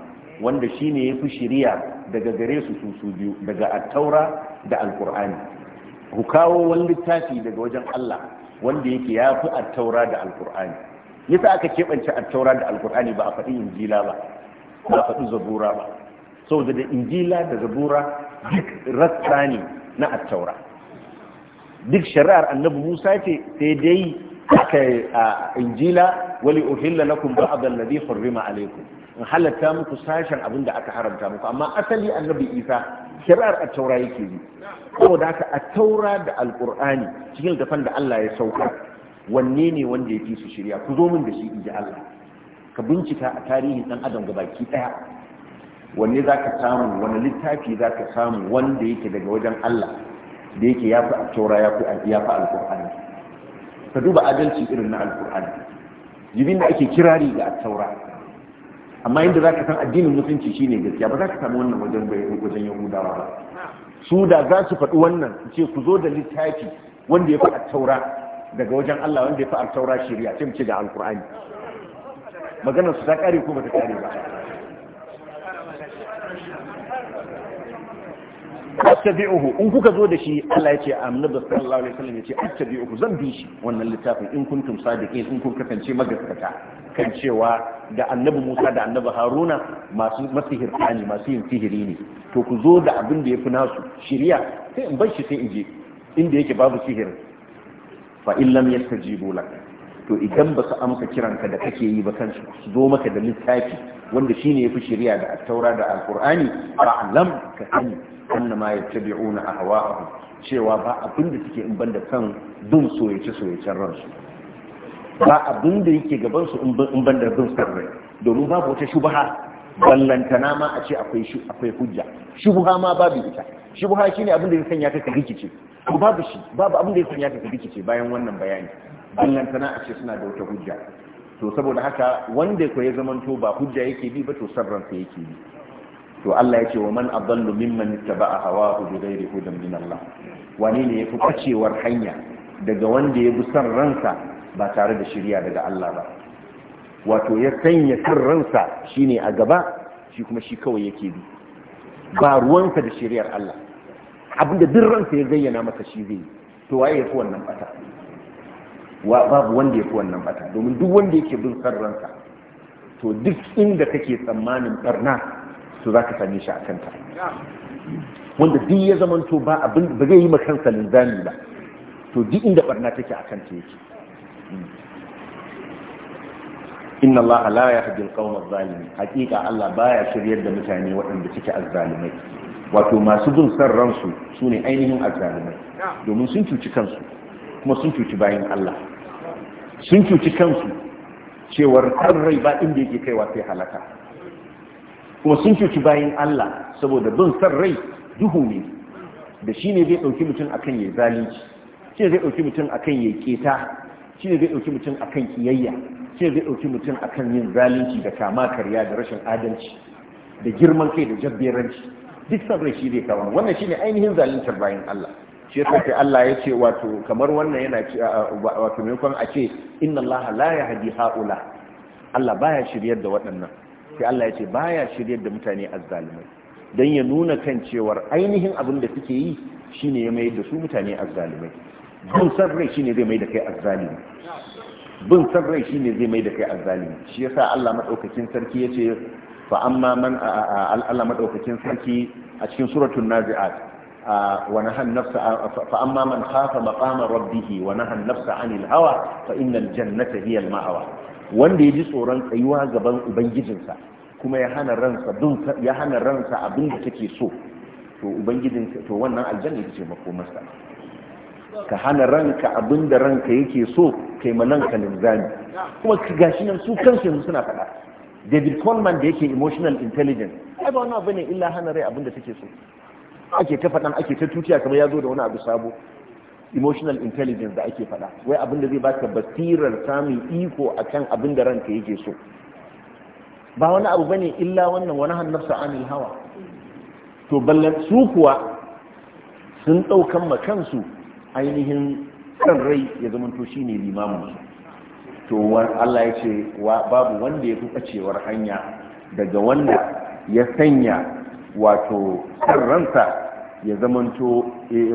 wanda shine yafi shiriya daga gare su su su biyu daga at-taura da al ku kawo wani littafi daga wajen Allah wanda yake yafi at da al-qur'ani aka keɓance attaura da al ba a faɗi injila ba ba a faɗi zabura ba saboda da injila da zabura duk rassa ne na attaura duk shari'ar annabi musa ce sai dai aka injila wali uhilla lakum ba'd alladhi hurrima alaykum in halatta muku sashen abin da aka haramta muku amma asali annabi isa shari'ar attaura yake yi saboda haka attaura da alqur'ani cikin littafin da Allah ya sauka wanne ne wanda ya fi su shirya ku zo min da shi inji Allah ka bincika a tarihin dan adam gabaki daya wanne za ka samu wani littafi za ka samu wanda yake daga wajen Allah da yake ya fi taura ya fi alkur'ani ka duba adalci irin na alkur'ani jibin da ake kirari ga taura amma inda za ka san addinin musulunci shine gaskiya ba za ka samu wannan wajen wajen yahudawa ba su da za su faɗi wannan su ce ku zo da littafi wanda ya fi taura daga wajen Allah wanda ya fi taura shari'a sai mu ce ga Alƙur'ani. maganar su ta kare ko ba ta kare ba attabi'uhu in kuka zo da shi Allah ya ce annabi sallallahu alaihi wasallam ya ce attabi'uhu zan bi shi wannan littafin in kuntum sadiqin in kun kasance magaskata kan cewa da annabi Musa da annabi Haruna masu masihirta ne masu yin sihiri ne to ku zo da abin da yafi nasu shiriya sai in bar shi sai in je inda yake babu sihir fa in lam yastajibu lak to idan ba su amsa kiranka da kake yi ba kansu su zo maka da littafi wanda shine yafi shiriya da at-taura da al-qur'ani fa'lam ka sani annama yattabi'una ahwa'ahum cewa ba abin da suke in banda kan bin soyayce soyacen ransu ba abin da yake gaban su in banda bin san rai domin babu wata shubha ballantana ma a ce akwai akwai hujja shubha ma babu ita shubha shine abin da ya sanya ka rikice to babu shi babu abin da ya sanya ka rikice bayan wannan bayani ballantana a ce suna da wata hujja to saboda haka wanda ko ya zamanto ba hujja yake bi ba to sabran sa yake bi to Allah ya ce wa man adallu mimman ittaba'a hawahu ghairi hudan min Allah wani ne yafi kacewar hanya daga wanda ya bi san ransa ba tare da shirya daga Allah ba wato ya sanya san ransa shine a gaba shi kuma shi kawai yake bi ba ruwansa da shiriyar Allah abinda duk ransa ya zayyana masa shi zai to waye yafi wannan bata wa babu wanda yafi wannan bata domin duk wanda yake bin san ransa to duk inda kake tsammanin barna to za ka same shi a kanta wanda duk ya zamanto ba abin ba zai yi ma kansa linzami ba to duk inda barna take a kanta yake inna allaha la yahdi al-qawma adh-dhalimin haqiqa allah baya shiryar da mutane waɗanda suke azzalimai wato masu bin san ransu sune ainihin azzalimai domin sun cuci kansu kuma sun cuci bayan allah sun cuci kansu cewar kan rai ba inda yake kaiwa sai halaka kuma sun cuci bayan Allah saboda bin san rai duhu ne da shi ne zai ɗauki mutum akan ya zalici shi ne zai ɗauki mutum akan ya keta shi ne zai ɗauki mutum akan kiyayya shi ne zai ɗauki mutum akan yin zalunci da kama karya da rashin adalci da girman kai da jabberanci duk san rai shi zai kawo wannan shi ne ainihin zaluntar bayan Allah shi ya sai Allah ya ce wato kamar wannan yana wato maimakon a ce inna Allah la hadi haula Allah baya shiryar da waɗannan sai Allah ya ce baya shiryar da mutane azzalimai don ya nuna kan cewar ainihin abin da suke yi shine ya mai da su mutane azzalimai bin san rai shine zai mai da kai azzalimi bin san rai shine zai mai da kai azzalumi. shi yasa Allah madaukakin sarki ya ce fa amma man Allah madaukakin sarki a cikin suratul nazi'at man khafa maqama rabbih wa nahan nafsa 'anil hawa fa innal jannata hiya al-ma'wa wanda ya ji tsoron tsayuwa gaban ubangijinsa kuma ya hana ransa ya hana ransa abin da take so to ubangijinsa to wannan aljanna ita ce makomarsa ka hana ranka abin da ranka yake so kai manan ka linzami kuma gashi nan su kansu yanzu suna faɗa David Coleman da yake emotional intelligence ai ba wani abu ne illa hana rai abin da take so ake ta faɗan ake ta tutiya kamar ya zo da wani abu sabo emotional intelligence da ake faɗa wai abin da zai baka basirar samun iko a kan abin da ranka yake so ba wani abu bane illa wannan wani hannarsa amin hawa to ballan su kuwa sun ɗaukan makansu ainihin kan rai ya zamanto shi ne Limamu. to Allah ya ce babu wanda ya fi hanya daga wanda ya sanya wato kan ransa ya zamanto e, e,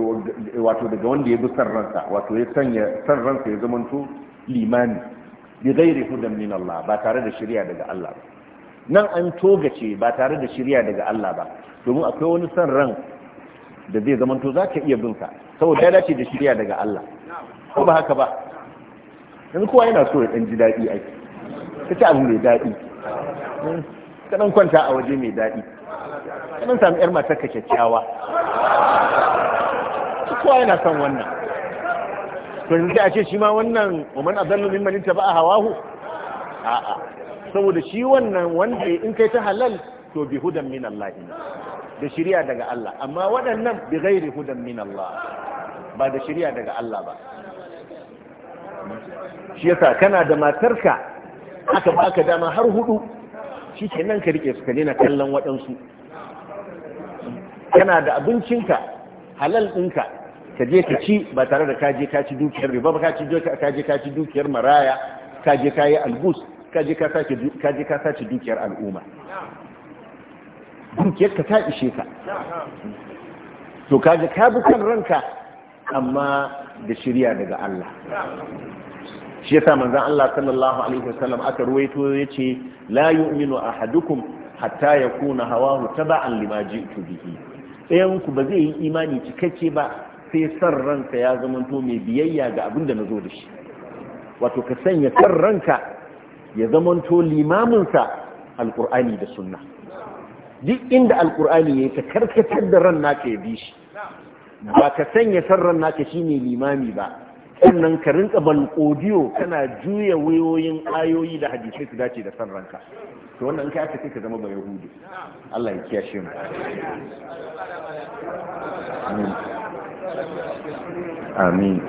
e, wato daga wanda ya bi san ransa wato ya sanya san ransa ya zamanto limani bi ghairi hudan min Allah ba tare da shari'a daga Allah ba nan an togace ba tare da shari'a daga Allah ba domin akwai wani san ran da zai zamanto zaka iya bin saboda ya dace da shari'a daga Allah ko ba haka ba yanzu kowa yana so ya dan ji daɗi ai kace abu mai daɗi ka dan kwanta a waje mai daɗi mun sami ‘yar ka kyakkyawa kowa yana son wannan to yanzu sai a ce shi ma wannan umar azallu min manita ba a hawahu a'a saboda shi wannan wanda in kai ta halal to bi hudan min Allah da shari'a daga Allah amma waɗannan bi ghairi hudan min Allah ba da shari'a daga Allah ba shi yasa kana da matarka aka baka dama har hudu shi ke nan ka rike su ka daina kallon waɗansu kana da abincinka halal ɗinka ka je ka ci ba tare da ka je ka ci dukiyar riba ba ka je ka ci dukiyar maraya ka je ka yi albus ka je ka sace dukiyar al'umma dukiyar ka ta ishe ka to kaje ka bi kan ranka amma da shirya daga Allah shi yasa manzon Allah sallallahu alaihi wasallam aka ruwaito yace la yu'minu ahadukum hatta yakuna hawahu taba'an lima ji'tu bihi ɗayan ku ba zai yi imani cikakke ba sai san ranka ya zamanto mai biyayya ga abin da nazo da shi wato ka sanya san ranka ya zamanto limamin sa alqur'ani da sunna duk inda alqur'ani yayi ka karkatar da ran naka ya bi shi ba ka sanya san ran naka shine limami ba sannan ka rinka odiyo kana juya wayoyin ayoyi da hadisai su dace da san ranka to wannan in ka aka ka zama ba yahudi Allah ya kiyashe mu amin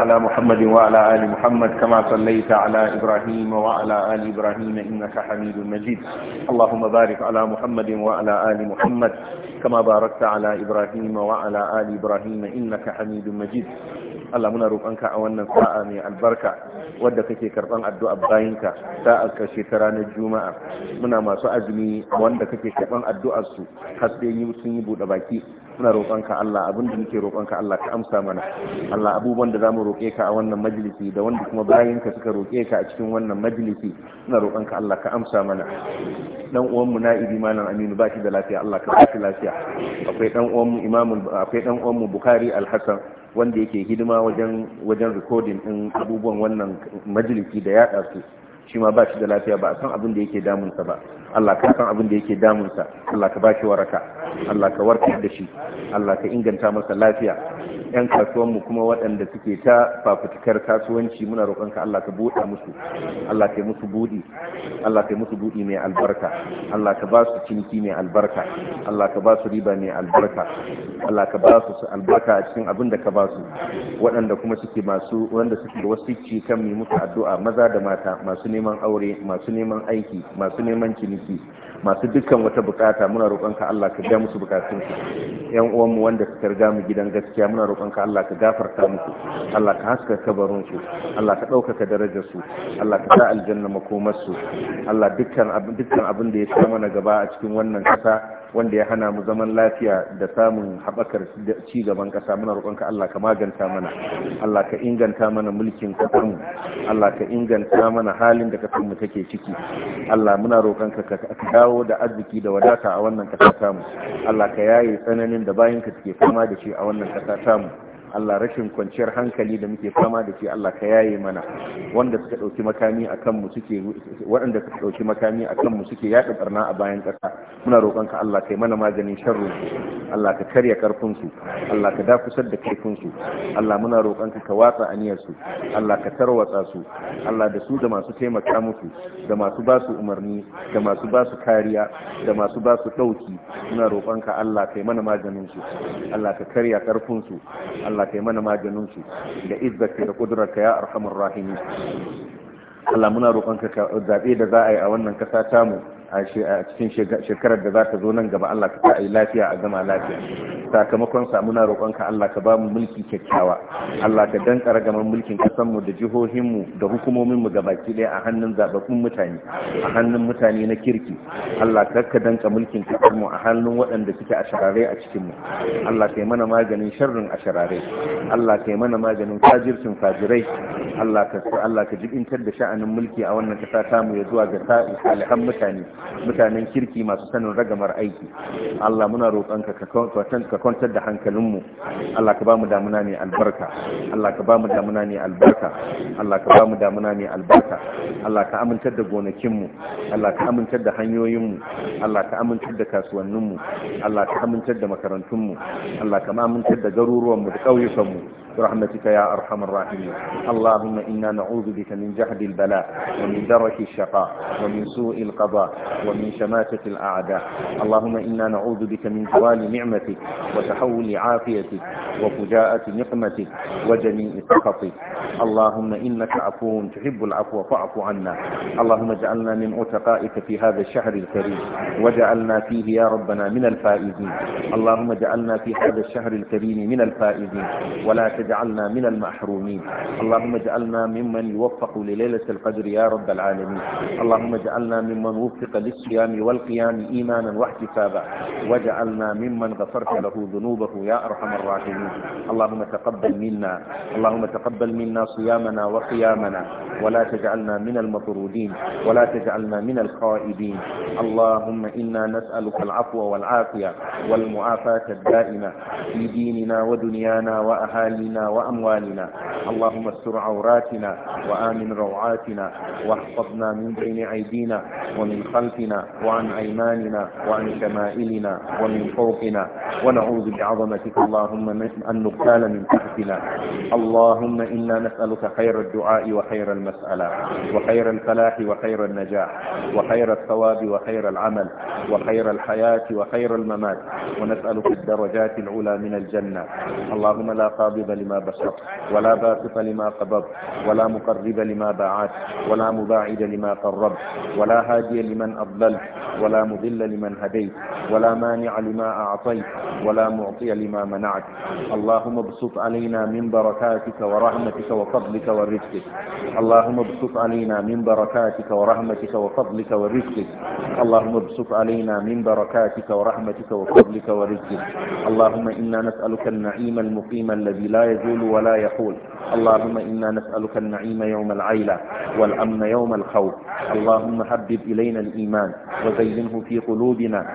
على محمد وعلى آل محمد كما صليت على إبراهيم وعلى آل إبراهيم إنك حميد مجيد اللهم بارك على محمد وعلى آل محمد كما باركت على إبراهيم وعلى آل إبراهيم إنك حميد مجيد Allah muna roƙonka a wannan sa'a mai albarka wadda kake karban addu'a bayanka sa'ar karshe ta ranar juma'a muna masu azumi wanda kake karɓan addu'ar su har sai sun yi buɗe baki suna roƙonka Allah abin da muke roƙonka Allah ka amsa mana Allah abubuwan da zamu roƙe ka a wannan majalisi da wanda kuma bayan ka suka roƙe ka a cikin wannan majalisi suna roƙonka Allah ka amsa mana dan uwan mu na'ibi malam Aminu ba shi da lafiya Allah ka ba shi lafiya akwai dan uwan mu Imam akwai dan uwan mu Bukhari Al-Hasan wanda yake hidima wajen wajen recording din abubuwan wannan majalisi da ya su shi ma ba shi da lafiya ba a san abin da yake damunsa ba Allah ka san abin da yake damunsa Allah ka bashi waraka Allah ka warkar da shi Allah ka inganta masa lafiya yan kasuwanmu kuma waɗanda suke ta fafutukar kasuwanci muna roƙonka Allah ka buɗe musu Allah ka musu buɗi Allah ka musu buɗi mai albarka Allah ka ba su ciniki mai albarka Allah ka ba su riba mai albarka Allah ka ba su albarka a cikin abin da ka ba su waɗanda kuma suke masu wanda suke wasu ci kan mai musu addu'a maza da mata masu neman aure masu neman aiki masu neman ciniki masu dukkan wata bukata muna roƙonka Allah ka ga musu bukatun su yan uwanmu wanda suka riga mu gidan gaskiya muna roƙonka Allah ka gafarta musu Allah ka haska kabarin su Allah ka ɗaukaka darajarsu, su Allah ka sa aljanna makomar su Allah dukkan abin da ya sa mana gaba a cikin wannan kasa wanda ya hana mu zaman lafiya da samun haɓakar ci gaban ƙasa muna roƙonka Allah ka maganta mana Allah ka inganta mana mulkin mu Allah ka inganta mana halin da mu take ciki Allah muna roƙonka ka dawo da arziki da wadata a wannan ƙasa tamu Allah ka yaye tsananin da bayanka take fama da shi a wannan ƙasa tamu Allah rashin kwanciyar hankali da muke fama da shi Allah ka yaye mana wanda suka dauki makami akan mu suke waɗanda suka dauki makami akan mu suke yaɗa barna a bayan ƙasa muna roƙon ka Allah kai mana maganin sharru Allah ka karya karfin su Allah ka dakusar da kaifin su Allah muna roƙon ka ka watsa aniyar su Allah ka tarwatsa su Allah da su da masu taimaka musu da masu ba su umarni da masu ba su kariya da masu ba su dauki muna roƙon ka Allah kai mana maganin su Allah ka karya karfin su Allah Allah kai mana maganin su da izzaka da kudurarka ya arhamar rahimi. Allah muna roƙonka zaɓe da za a yi a wannan ƙasa tamu a cikin shekarar da za ta zo nan gaba Allah ka yi lafiya a zama lafiya sakamakon samu na roƙonka Allah ka ba mu mulki kyakkyawa Allah ka danka ragaman mulkin kasan mu da jihohin mu da hukumomin mu gabaki ɗaya a hannun zababbun mutane a hannun mutane na kirki Allah ka ka danka mulkin kasan a hannun waɗanda suke sharare a cikin mu Allah ka yi mana maganin sharrin asharare Allah ka yi mana maganin fajircin fajirai Allah ka Allah ka da sha'anin mulki a wannan kasa tamu ya zuwa ga salihan mutane mutanen kirki masu sanin ragamar aiki Allah muna roƙonka ka kwantar da hankalinmu Allah ka ba mu damuna ne albarka Allah ka ba mu damuna ne albarka Allah ka ba mu damuna ne albarka Allah ka amintar da gonakinmu Allah ka amintar da hanyoyinmu Allah ka amintar da kasuwanninmu Allah ka amintar da makarantunmu Allah ka amintar da garuruwanmu da ƙauyukanmu برحمتك يا أرحم الراحمين اللهم إنا نعوذ بك من جهد البلاء ومن درك الشقاء ومن سوء القضاء ومن شماتة الأعداء اللهم إنا نعوذ بك من زوال نعمتك وتحول عافيتك وفجاءة نقمتك وجميع سخطك اللهم إنك عفو تحب العفو فاعف عنا اللهم اجعلنا من عتقائك في هذا الشهر الكريم وجعلنا فيه يا ربنا من الفائزين اللهم اجعلنا في هذا الشهر الكريم من الفائزين ولا تجعلنا من المحرومين اللهم اجعلنا ممن يوفق لليلة القدر يا رب العالمين اللهم اجعلنا ممن وفق للصيام والقيام إيمانا واحتسابا واجعلنا ممن غفرت له ذنوبه يا أرحم الراحمين اللهم تقبل منا اللهم تقبل منا صيامنا وقيامنا ولا تجعلنا من المطرودين ولا تجعلنا من الخائبين اللهم إنا نسألك العفو والعافية والمعافاة الدائمة في ديننا ودنيانا وأهالينا أهلنا وأموالنا اللهم استر عوراتنا وآمن روعاتنا واحفظنا من بين أيدينا ومن خلفنا وعن أيماننا وعن شمائلنا ومن فوقنا ونعوذ بعظمتك اللهم أن نبتال من تحتنا اللهم إنا نسألك خير الدعاء وخير المسألة وخير الفلاح وخير النجاح وخير الثواب وخير العمل وخير الحياة وخير الممات ونسألك الدرجات العلى من الجنة اللهم لا قابض لما بسط ولا باسط لما قبض ولا مقرب لما باعت ولا مباعد لما قرب ولا هادي لمن أضلل ولا مضل لمن هديت ولا مانع لما أعطيت ولا معطي لما منعت اللهم ابسط علينا من بركاتك ورحمتك وفضلك ورزقك اللهم ابسط علينا من بركاتك ورحمتك وفضلك ورزقك اللهم ابسط علينا من بركاتك ورحمتك وفضلك ورزقك اللهم إنا نسألك النعيم المقيم الذي لا يزول ولا يحول اللهم إنا نسألك النعيم يوم العيلة والأمن يوم الخوف اللهم حبب إلينا الإيمان وزينه في قلوبنا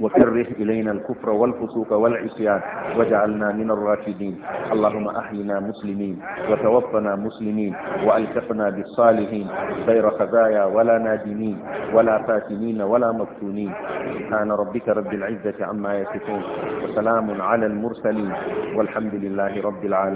وكره إلينا الكفر والفسوق والعصيان واجعلنا من الراشدين اللهم أحينا مسلمين وتوفنا مسلمين والتقنا بالصالحين غير خزايا ولا نادمين ولا فاتنين ولا مفتونين سبحان ربك رب العزة عما يصفون وسلام على المرسلين والحمد لله رب العالمين